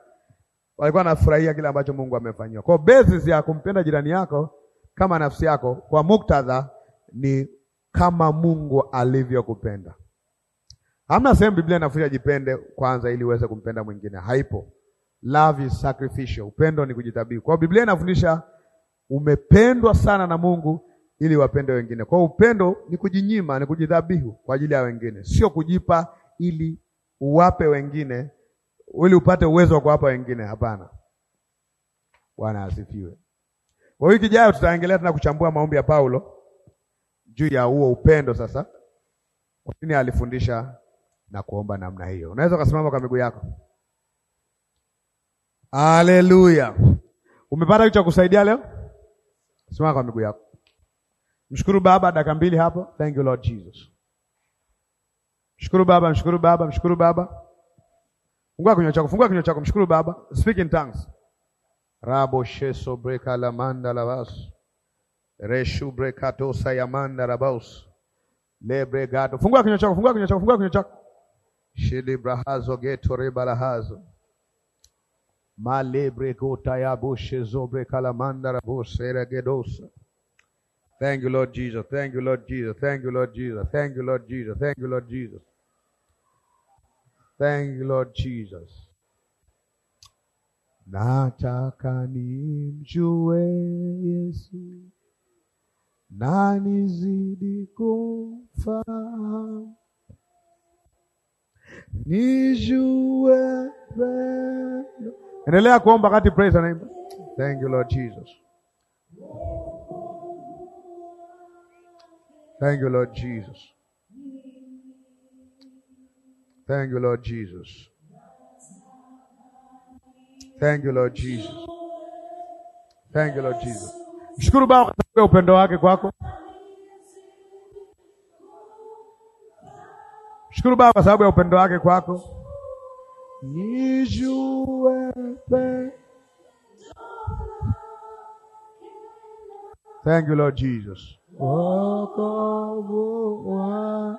Walikuwa wanafurahia kile ambacho Mungu amefanyia. Kwa basis ya kumpenda jirani yako kama nafsi yako, kwa muktadha ni kama Mungu alivyokupenda. Hamna sehemu Biblia inafundisha jipende kwanza ili uweze kumpenda mwingine, haipo. Love is sacrificial, upendo ni kujitabii. Kwa Biblia inafundisha umependwa sana na Mungu ili wapende wengine. Kwa upendo ni kujinyima, ni kujidhabihu kwa ajili ya wengine, sio kujipa ili uwape wengine, ili upate uwezo wa kuwapa wengine. Hapana. Bwana asifiwe. Kwa wiki ijayo tutaangalia tena kuchambua maombi ya Paulo juu ya huo upendo sasa. Kwa nini alifundisha na kuomba namna hiyo? Unaweza ukasimama kwa miguu yako. Haleluya. Umepata kitu cha kusaidia leo? Simama kwa miguu yako. Mshukuru Baba dakika mbili hapo. Thank you Lord Jesus. Mshukuru Baba, mshukuru Baba, mshukuru Baba. Fungua kinywa chako, fungua kinywa chako, mshukuru Baba. Speak in tongues. Rabo sheso breka la manda la bas. Reshu brekatosa ya manda la baus. Lebre gato. Fungua chako, fungua chako, fungua chako. Shili brahazo geto reba la hazo. Malebre gota ya bushe la Thank you, Lord Jesus. Thank you, Lord Jesus. Thank you, Lord Jesus. Thank you, Lord Jesus. Thank you, Lord Jesus. Thank you, Lord Jesus. Nataka nimjue Yesu na nizidi kumfahamu, nijue pendo. Endelea kuomba kati praise anaimba. Thank you Lord Jesus. Thank you Lord Jesus. Thank you Lord Jesus. Thank you Lord Jesus. Thank you Lord Jesus. Mshukuru Baba kwa upendo wake kwako. Mshukuru Baba kwa sababu ya upendo wake kwako. Nijue Thank you Lord Jesus. Wokovu wake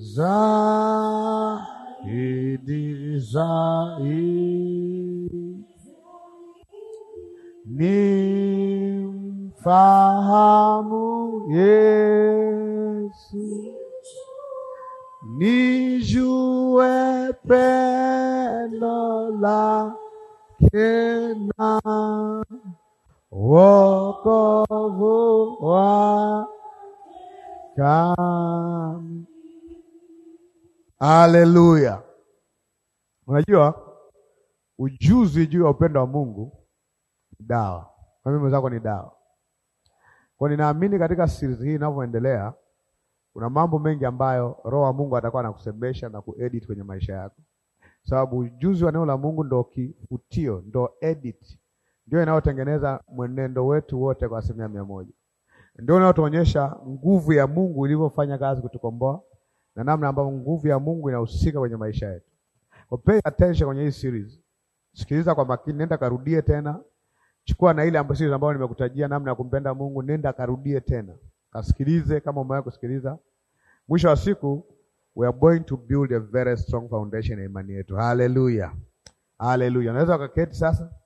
zaidi zaidi ni mfahamu Yesu, nijue pendo lake na wokovu wake Haleluya! Unajua ujuzi juu ya upendo wa Mungu ni dawa, kwa mimi mwenzako ni dawa. Kwa ninaamini katika series hii inavyoendelea, kuna mambo mengi ambayo Roho wa Mungu atakuwa anakusemesha na kuedit kwenye maisha yako, sababu ujuzi wa neno la Mungu ndo kifutio, ndo edit, ndio inayotengeneza mwenendo wetu wote kwa asilimia mia moja, ndio inayotuonyesha nguvu ya Mungu ilivyofanya kazi kutukomboa na namna ambavyo nguvu ya Mungu inahusika kwenye maisha yetu. Kwa pay attention kwenye hii series. Sikiliza kwa makini, nenda karudie tena. Chukua na ile ambayo series ambayo nimekutajia namna ya kumpenda Mungu, nenda karudie tena. Kasikilize kama umewahi kusikiliza. Mwisho wa siku we are going to build a very strong foundation ya imani yetu. Hallelujah. Hallelujah. Unaweza ukaketi sasa.